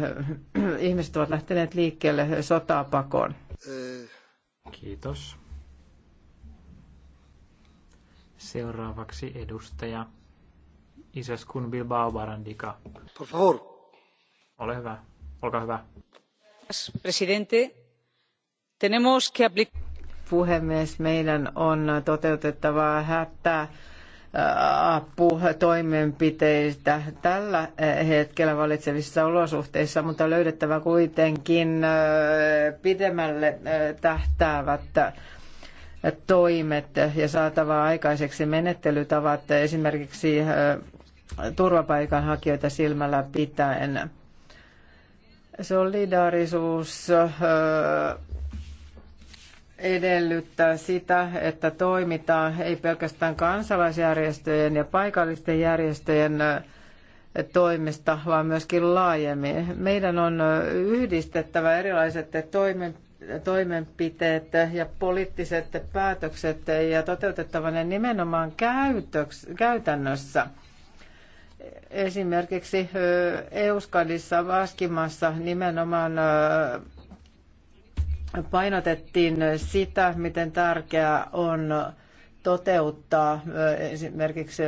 ihmiset ovat lähteneet liikkeelle sotaa pakoon. Kiitos. Seuraavaksi edustaja Isaskun Bilbao Barandika. Por favor arvoisa hyvä. Puhemies, meidän on toteutettava hätäaputoimenpiteitä tällä hetkellä valitsevissa olosuhteissa, mutta löydettävä kuitenkin pidemmälle tähtäävät toimet ja saatava aikaiseksi menettelytavat esimerkiksi turvapaikanhakijoita silmällä pitäen. Solidaarisuus äh, edellyttää sitä, että toimitaan ei pelkästään kansalaisjärjestöjen ja paikallisten järjestöjen äh, toimista, vaan myöskin laajemmin. Meidän on äh, yhdistettävä erilaiset toimenpiteet ja poliittiset päätökset ja toteutettava ne nimenomaan käytöks, käytännössä – esimerkiksi Euskadissa Vaskimassa nimenomaan painotettiin sitä, miten tärkeää on toteuttaa esimerkiksi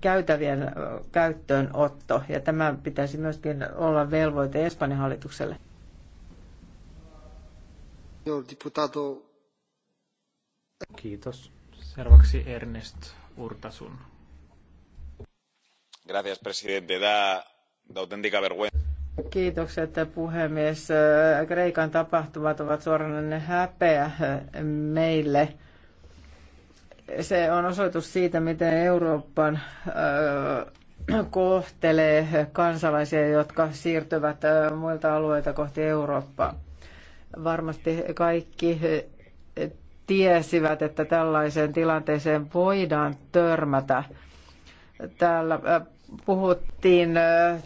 käytävien käyttöönotto, ja tämä pitäisi myöskin olla velvoite Espanjan hallitukselle. Kiitos. Seuraavaksi Ernest Urtasun Gracias, presidente. da auténtica vergüenza. Kiitokset puhemies. Kreikan tapahtumat ovat suoranainen häpeä meille. Se on osoitus siitä, miten Euroopan kohtelee kansalaisia, jotka siirtyvät muilta alueilta kohti Eurooppaa. Varmasti kaikki tiesivät, että tällaiseen tilanteeseen voidaan törmätä. Täällä puhuttiin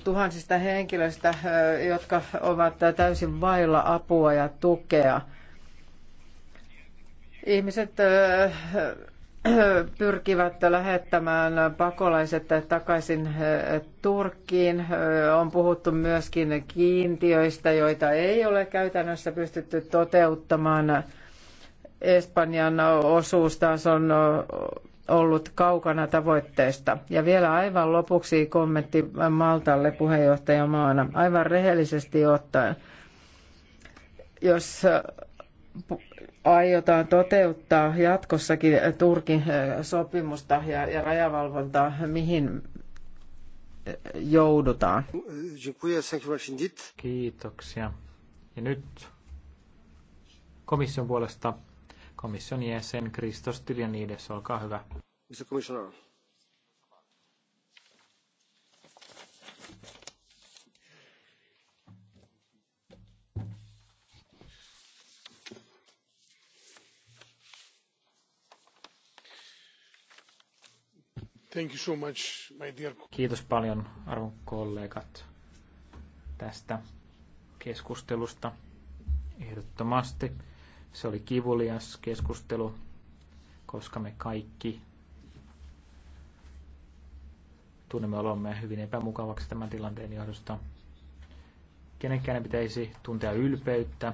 tuhansista henkilöistä, jotka ovat täysin vailla apua ja tukea. Ihmiset pyrkivät lähettämään pakolaiset takaisin Turkkiin. On puhuttu myöskin kiintiöistä, joita ei ole käytännössä pystytty toteuttamaan. Espanjan osuus taas on ollut kaukana tavoitteesta. Ja vielä aivan lopuksi kommentti Maltalle puheenjohtajamaana. Aivan rehellisesti ottaen, jos äh, aiotaan toteuttaa jatkossakin Turkin äh, sopimusta ja, ja rajavalvontaa, mihin äh, joudutaan. Kiitoksia. Ja nyt komission puolesta Komission jäsen Kristos Tylianides, olkaa hyvä. Mr. Commissioner. Thank you so much, my dear. Kiitos paljon arvon kollegat tästä keskustelusta ehdottomasti. Se oli kivulias keskustelu, koska me kaikki tunnemme olomme hyvin epämukavaksi tämän tilanteen johdosta. Kenenkään ei pitäisi tuntea ylpeyttä,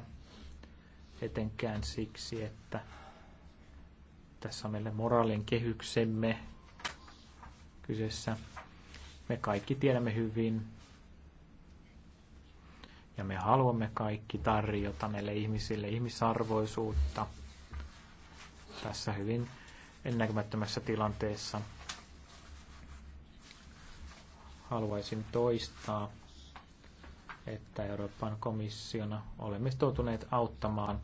etenkään siksi, että tässä on meille moraalin kehyksemme kyseessä. Me kaikki tiedämme hyvin, ja me haluamme kaikki tarjota meille ihmisille ihmisarvoisuutta tässä hyvin ennäkemättömässä tilanteessa. Haluaisin toistaa, että Euroopan komissiona olemme sitoutuneet auttamaan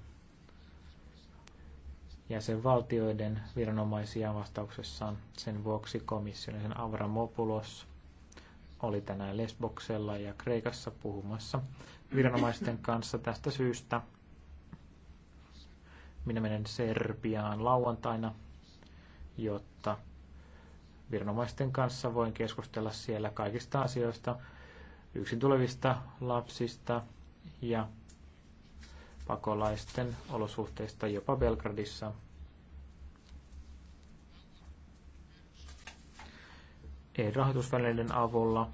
jäsenvaltioiden viranomaisia vastauksessaan. Sen vuoksi komission sen Avramopoulos oli tänään Lesboksella ja Kreikassa puhumassa viranomaisten kanssa tästä syystä. Minä menen Serbiaan lauantaina, jotta viranomaisten kanssa voin keskustella siellä kaikista asioista, yksin tulevista lapsista ja pakolaisten olosuhteista jopa Belgradissa. rahoitusvälineiden avulla.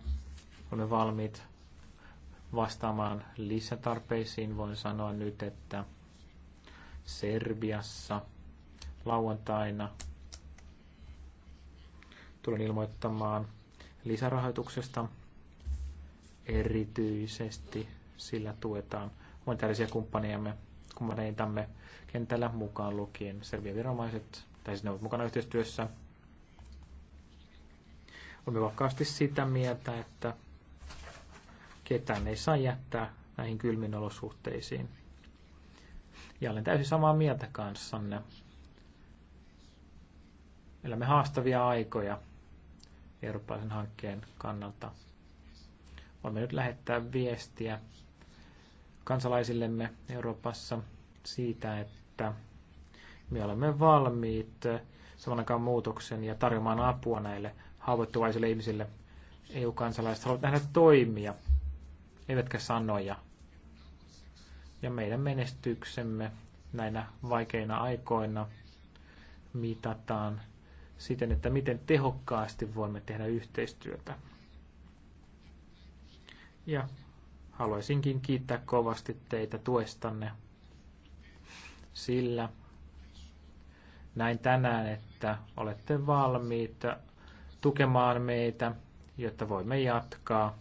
Olemme valmiit vastaamaan lisätarpeisiin. Voin sanoa nyt, että Serbiassa lauantaina tulen ilmoittamaan lisärahoituksesta erityisesti sillä tuetaan humanitaarisia kumppaneitamme, kumppaneitamme kentällä mukaan lukien Serbian viranomaiset, tai siis ne ovat mukana yhteistyössä Olemme vakaasti sitä mieltä, että ketään ei saa jättää näihin kylmin olosuhteisiin. Ja olen täysin samaa mieltä kanssanne. Elämme haastavia aikoja eurooppalaisen hankkeen kannalta. Voimme nyt lähettää viestiä kansalaisillemme Euroopassa siitä, että me olemme valmiit saman muutoksen ja tarjoamaan apua näille haavoittuvaisille ihmisille. EU-kansalaiset haluavat nähdä toimia, eivätkä sanoja. Ja meidän menestyksemme näinä vaikeina aikoina mitataan siten, että miten tehokkaasti voimme tehdä yhteistyötä. Ja haluaisinkin kiittää kovasti teitä tuestanne, sillä näin tänään, että olette valmiita tukemaan meitä, jotta voimme jatkaa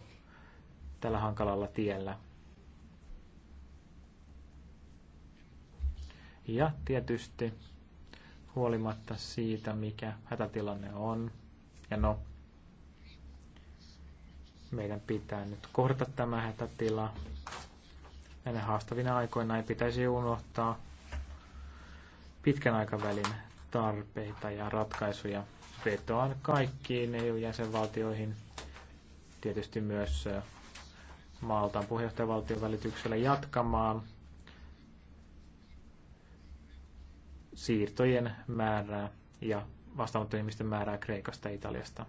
tällä hankalalla tiellä. Ja tietysti huolimatta siitä, mikä hätätilanne on, ja no, meidän pitää nyt kohdata tämä hätätila. Näinä haastavina aikoina ei pitäisi unohtaa pitkän aikavälin tarpeita ja ratkaisuja vetoan kaikkiin EU-jäsenvaltioihin, tietysti myös Maltan puheenjohtajavaltion välityksellä jatkamaan siirtojen määrää ja vastaanottojen ihmisten määrää Kreikasta ja Italiasta.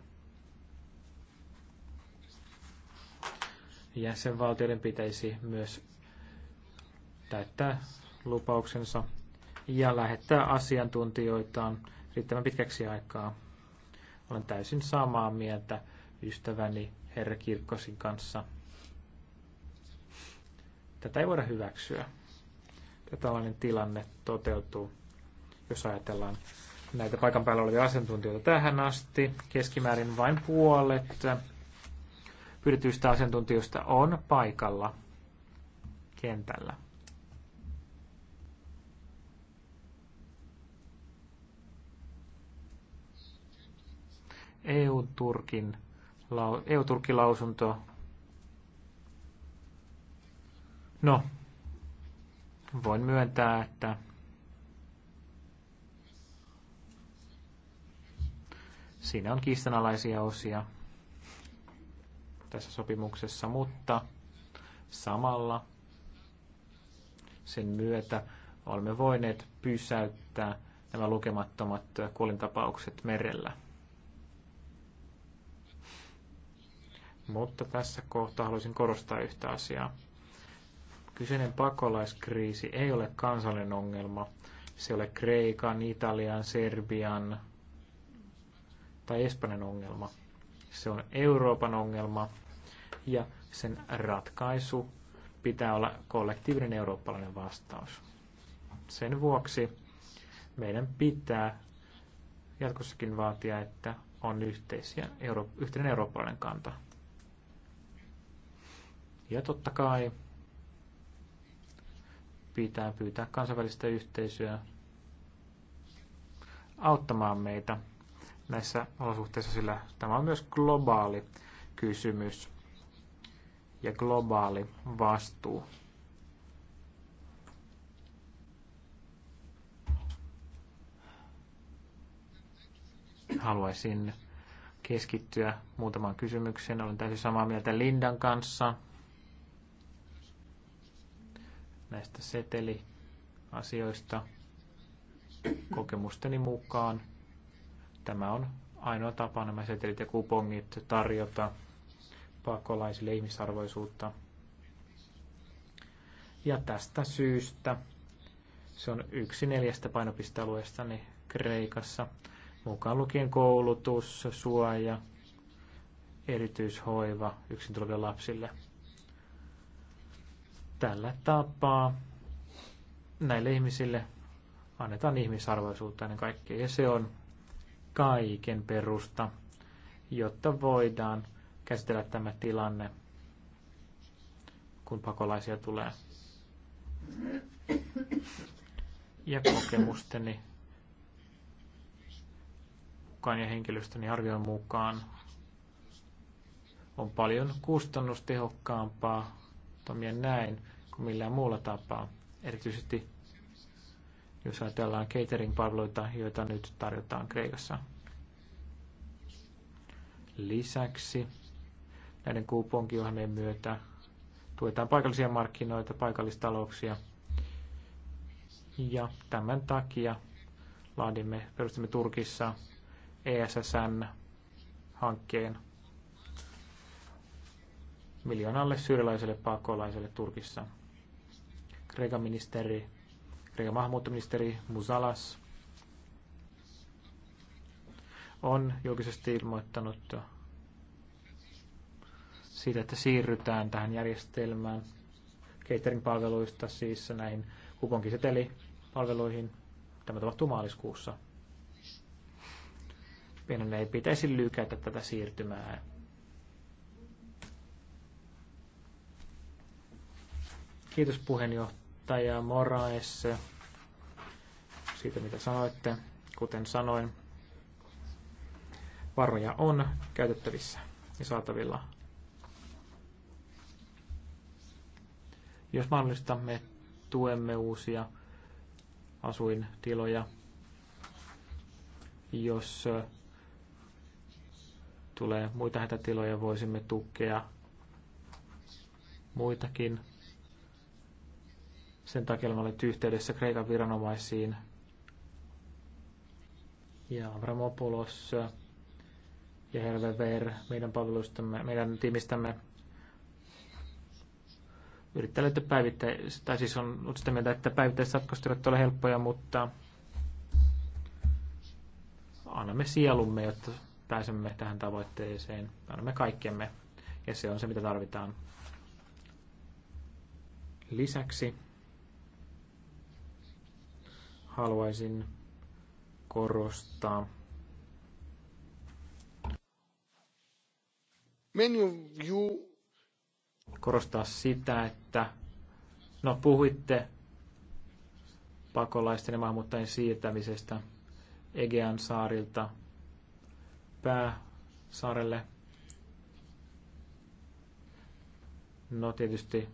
Jäsenvaltioiden pitäisi myös täyttää lupauksensa ja lähettää asiantuntijoitaan riittävän pitkäksi aikaa olen täysin samaa mieltä ystäväni Herra Kirkkosin kanssa. Tätä ei voida hyväksyä. tällainen tilanne toteutuu, jos ajatellaan näitä paikan päällä olevia asiantuntijoita tähän asti. Keskimäärin vain puolet pyydetyistä asiantuntijoista on paikalla kentällä. EU-Turkin, turkin lausunto No, voin myöntää, että siinä on kiistanalaisia osia tässä sopimuksessa, mutta samalla sen myötä olemme voineet pysäyttää nämä lukemattomat kuolintapaukset merellä. Mutta tässä kohtaa haluaisin korostaa yhtä asiaa. Kyseinen pakolaiskriisi ei ole kansallinen ongelma. Se ei ole Kreikan, Italian, Serbian tai Espanjan ongelma. Se on Euroopan ongelma ja sen ratkaisu pitää olla kollektiivinen eurooppalainen vastaus. Sen vuoksi meidän pitää jatkossakin vaatia, että on yhteisiä, euro, yhteinen eurooppalainen kanta ja totta kai pitää pyytää kansainvälistä yhteisöä auttamaan meitä näissä olosuhteissa, sillä tämä on myös globaali kysymys ja globaali vastuu. Haluaisin keskittyä muutamaan kysymykseen. Olen täysin samaa mieltä Lindan kanssa – näistä seteliasioista. Kokemusteni mukaan tämä on ainoa tapa nämä setelit ja kupongit tarjota pakolaisille ihmisarvoisuutta. Ja tästä syystä se on yksi neljästä painopistealueestani Kreikassa, mukaan lukien koulutus, suoja, erityishoiva yksin tuleville lapsille – Tällä tapaa näille ihmisille annetaan ihmisarvoisuutta ennen kaikkea, ja se on kaiken perusta, jotta voidaan käsitellä tämä tilanne, kun pakolaisia tulee. Ja kokemusteni mukaan ja henkilöstöni arvion mukaan on paljon kustannustehokkaampaa toimia näin kuin millään muulla tapaa. Erityisesti jos ajatellaan catering-palveluita, joita nyt tarjotaan Kreikassa. Lisäksi näiden kuponkiohjelmien myötä tuetaan paikallisia markkinoita, paikallistalouksia. Ja tämän takia laadimme, perustimme Turkissa ESSN-hankkeen miljoonalle syyrialaiselle pakolaiselle Turkissa. Kreikan ministeri, Kreikan maahanmuuttoministeri Musalas on julkisesti ilmoittanut siitä, että siirrytään tähän järjestelmään catering-palveluista siis näihin palveluihin, Tämä tapahtuu maaliskuussa. Pienen ei pitäisi lykätä tätä siirtymää Kiitos puheenjohtaja Moraes siitä, mitä sanoitte. Kuten sanoin, varoja on käytettävissä ja saatavilla. Jos mahdollista, me tuemme uusia asuintiloja. Jos tulee muita hätätiloja, voisimme tukea muitakin sen takia olemme olleet yhteydessä Kreikan viranomaisiin. Ja Avramopoulos ja Ver, meidän palveluistamme, meidän tiimistämme yrittää löytää päivittäis, tai siis on sitä mieltä, että päivittäisratkaisut eivät ole helppoja, mutta annamme sielumme, jotta pääsemme tähän tavoitteeseen. Annamme kaikkemme, ja se on se, mitä tarvitaan. Lisäksi haluaisin korostaa. Korostaa sitä, että no puhuitte pakolaisten ja maahanmuuttajien siirtämisestä Egean saarilta pääsaarelle. No tietysti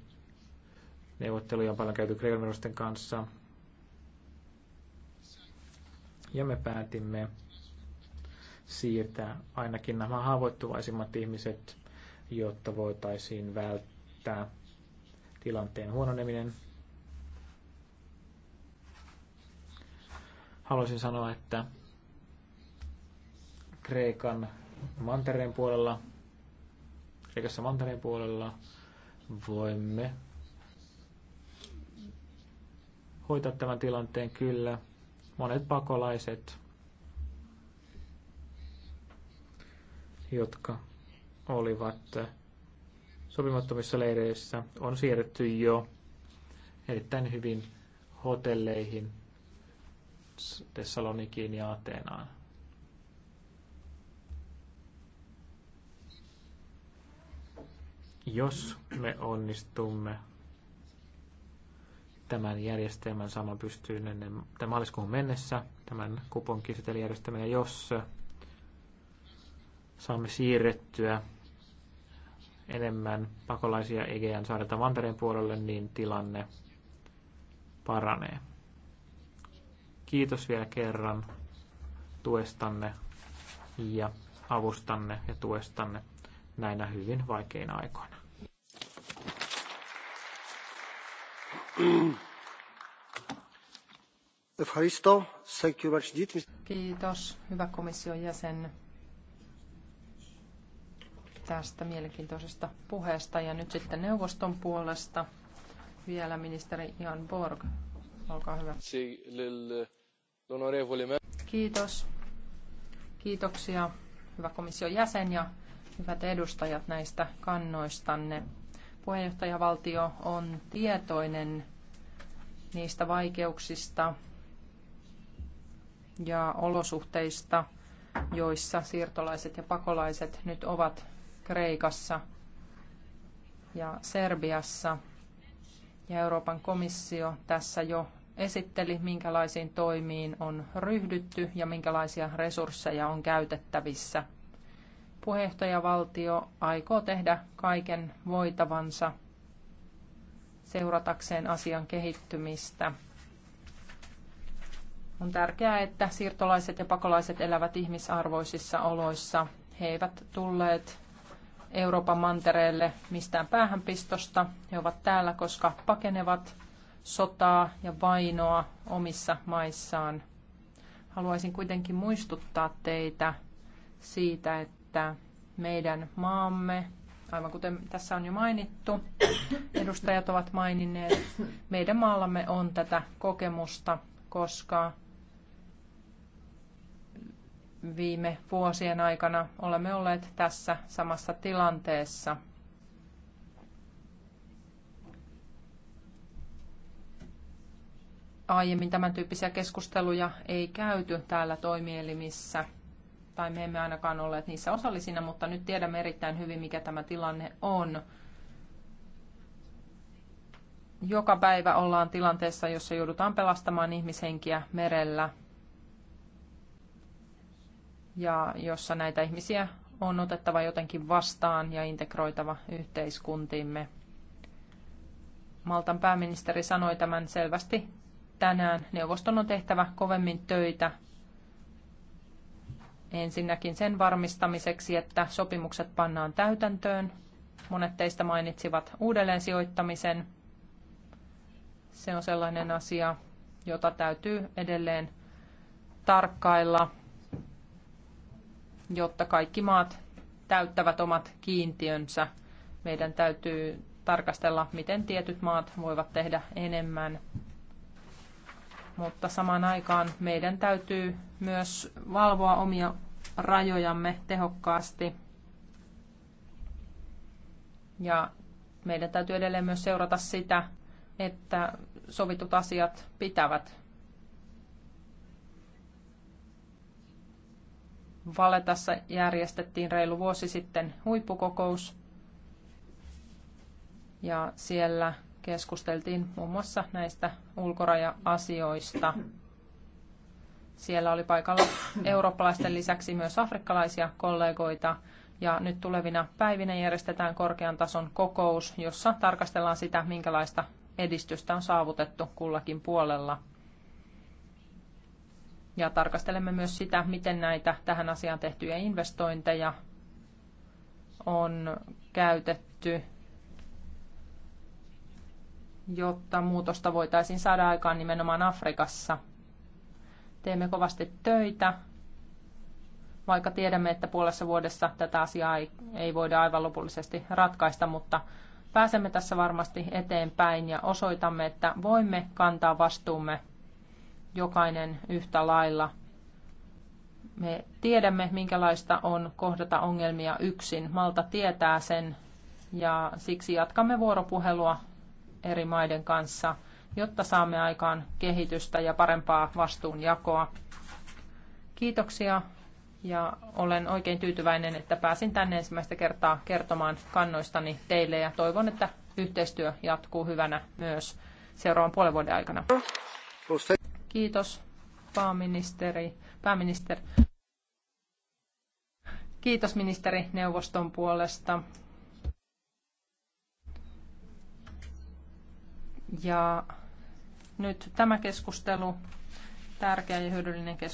neuvotteluja on paljon käyty Kreikan kanssa ja me päätimme siirtää ainakin nämä haavoittuvaisimmat ihmiset, jotta voitaisiin välttää tilanteen huononeminen. Haluaisin sanoa, että Kreikan mantereen puolella, Kreikassa mantereen puolella voimme hoitaa tämän tilanteen kyllä monet pakolaiset, jotka olivat sopimattomissa leireissä, on siirretty jo erittäin hyvin hotelleihin Thessalonikiin ja Ateenaan. Jos me onnistumme tämän järjestelmän saamaan pystyyn ennen tämän maaliskuun mennessä, tämän kuponkisetelijärjestelmän, ja jos saamme siirrettyä enemmän pakolaisia Egean saarelta Vantereen puolelle, niin tilanne paranee. Kiitos vielä kerran tuestanne ja avustanne ja tuestanne näinä hyvin vaikeina aikoina. [CLEARS THROAT] Kiitos, hyvä komission jäsen, tästä mielenkiintoisesta puheesta. Ja nyt sitten neuvoston puolesta vielä ministeri Jan Borg. Olkaa hyvä. Kiitos. Kiitoksia, hyvä komission jäsen ja hyvät edustajat näistä kannoistanne. Puheenjohtajavaltio on tietoinen niistä vaikeuksista ja olosuhteista, joissa siirtolaiset ja pakolaiset nyt ovat Kreikassa ja Serbiassa. Ja Euroopan komissio tässä jo esitteli, minkälaisiin toimiin on ryhdytty ja minkälaisia resursseja on käytettävissä – puheenjohtajavaltio aikoo tehdä kaiken voitavansa seuratakseen asian kehittymistä. On tärkeää, että siirtolaiset ja pakolaiset elävät ihmisarvoisissa oloissa. He eivät tulleet Euroopan mantereelle mistään päähänpistosta. He ovat täällä, koska pakenevat sotaa ja vainoa omissa maissaan. Haluaisin kuitenkin muistuttaa teitä siitä, että että meidän maamme, aivan kuten tässä on jo mainittu, edustajat ovat maininneet, meidän maallamme on tätä kokemusta, koska viime vuosien aikana olemme olleet tässä samassa tilanteessa. Aiemmin tämän tyyppisiä keskusteluja ei käyty täällä toimielimissä tai me emme ainakaan olleet niissä osallisina, mutta nyt tiedämme erittäin hyvin, mikä tämä tilanne on. Joka päivä ollaan tilanteessa, jossa joudutaan pelastamaan ihmishenkiä merellä ja jossa näitä ihmisiä on otettava jotenkin vastaan ja integroitava yhteiskuntiimme. Maltan pääministeri sanoi tämän selvästi tänään. Neuvoston on tehtävä kovemmin töitä Ensinnäkin sen varmistamiseksi, että sopimukset pannaan täytäntöön. Monet teistä mainitsivat uudelleen sijoittamisen. Se on sellainen asia, jota täytyy edelleen tarkkailla, jotta kaikki maat täyttävät omat kiintiönsä. Meidän täytyy tarkastella, miten tietyt maat voivat tehdä enemmän mutta samaan aikaan meidän täytyy myös valvoa omia rajojamme tehokkaasti. Ja meidän täytyy edelleen myös seurata sitä, että sovitut asiat pitävät. Valetassa järjestettiin reilu vuosi sitten huippukokous ja siellä keskusteltiin muun muassa näistä ulkoraja-asioista. Siellä oli paikalla eurooppalaisten lisäksi myös afrikkalaisia kollegoita. Ja nyt tulevina päivinä järjestetään korkean tason kokous, jossa tarkastellaan sitä, minkälaista edistystä on saavutettu kullakin puolella. Ja tarkastelemme myös sitä, miten näitä tähän asiaan tehtyjä investointeja on käytetty jotta muutosta voitaisiin saada aikaan nimenomaan Afrikassa. Teemme kovasti töitä, vaikka tiedämme, että puolessa vuodessa tätä asiaa ei, ei voida aivan lopullisesti ratkaista, mutta pääsemme tässä varmasti eteenpäin ja osoitamme, että voimme kantaa vastuumme jokainen yhtä lailla. Me tiedämme, minkälaista on kohdata ongelmia yksin. Malta tietää sen ja siksi jatkamme vuoropuhelua eri maiden kanssa, jotta saamme aikaan kehitystä ja parempaa vastuunjakoa. Kiitoksia ja olen oikein tyytyväinen, että pääsin tänne ensimmäistä kertaa kertomaan kannoistani teille ja toivon, että yhteistyö jatkuu hyvänä myös seuraavan puolen vuoden aikana. Kiitos pääministeri. pääministeri. Kiitos ministeri neuvoston puolesta. Ja nyt tämä keskustelu, tärkeä ja hyödyllinen keskustelu.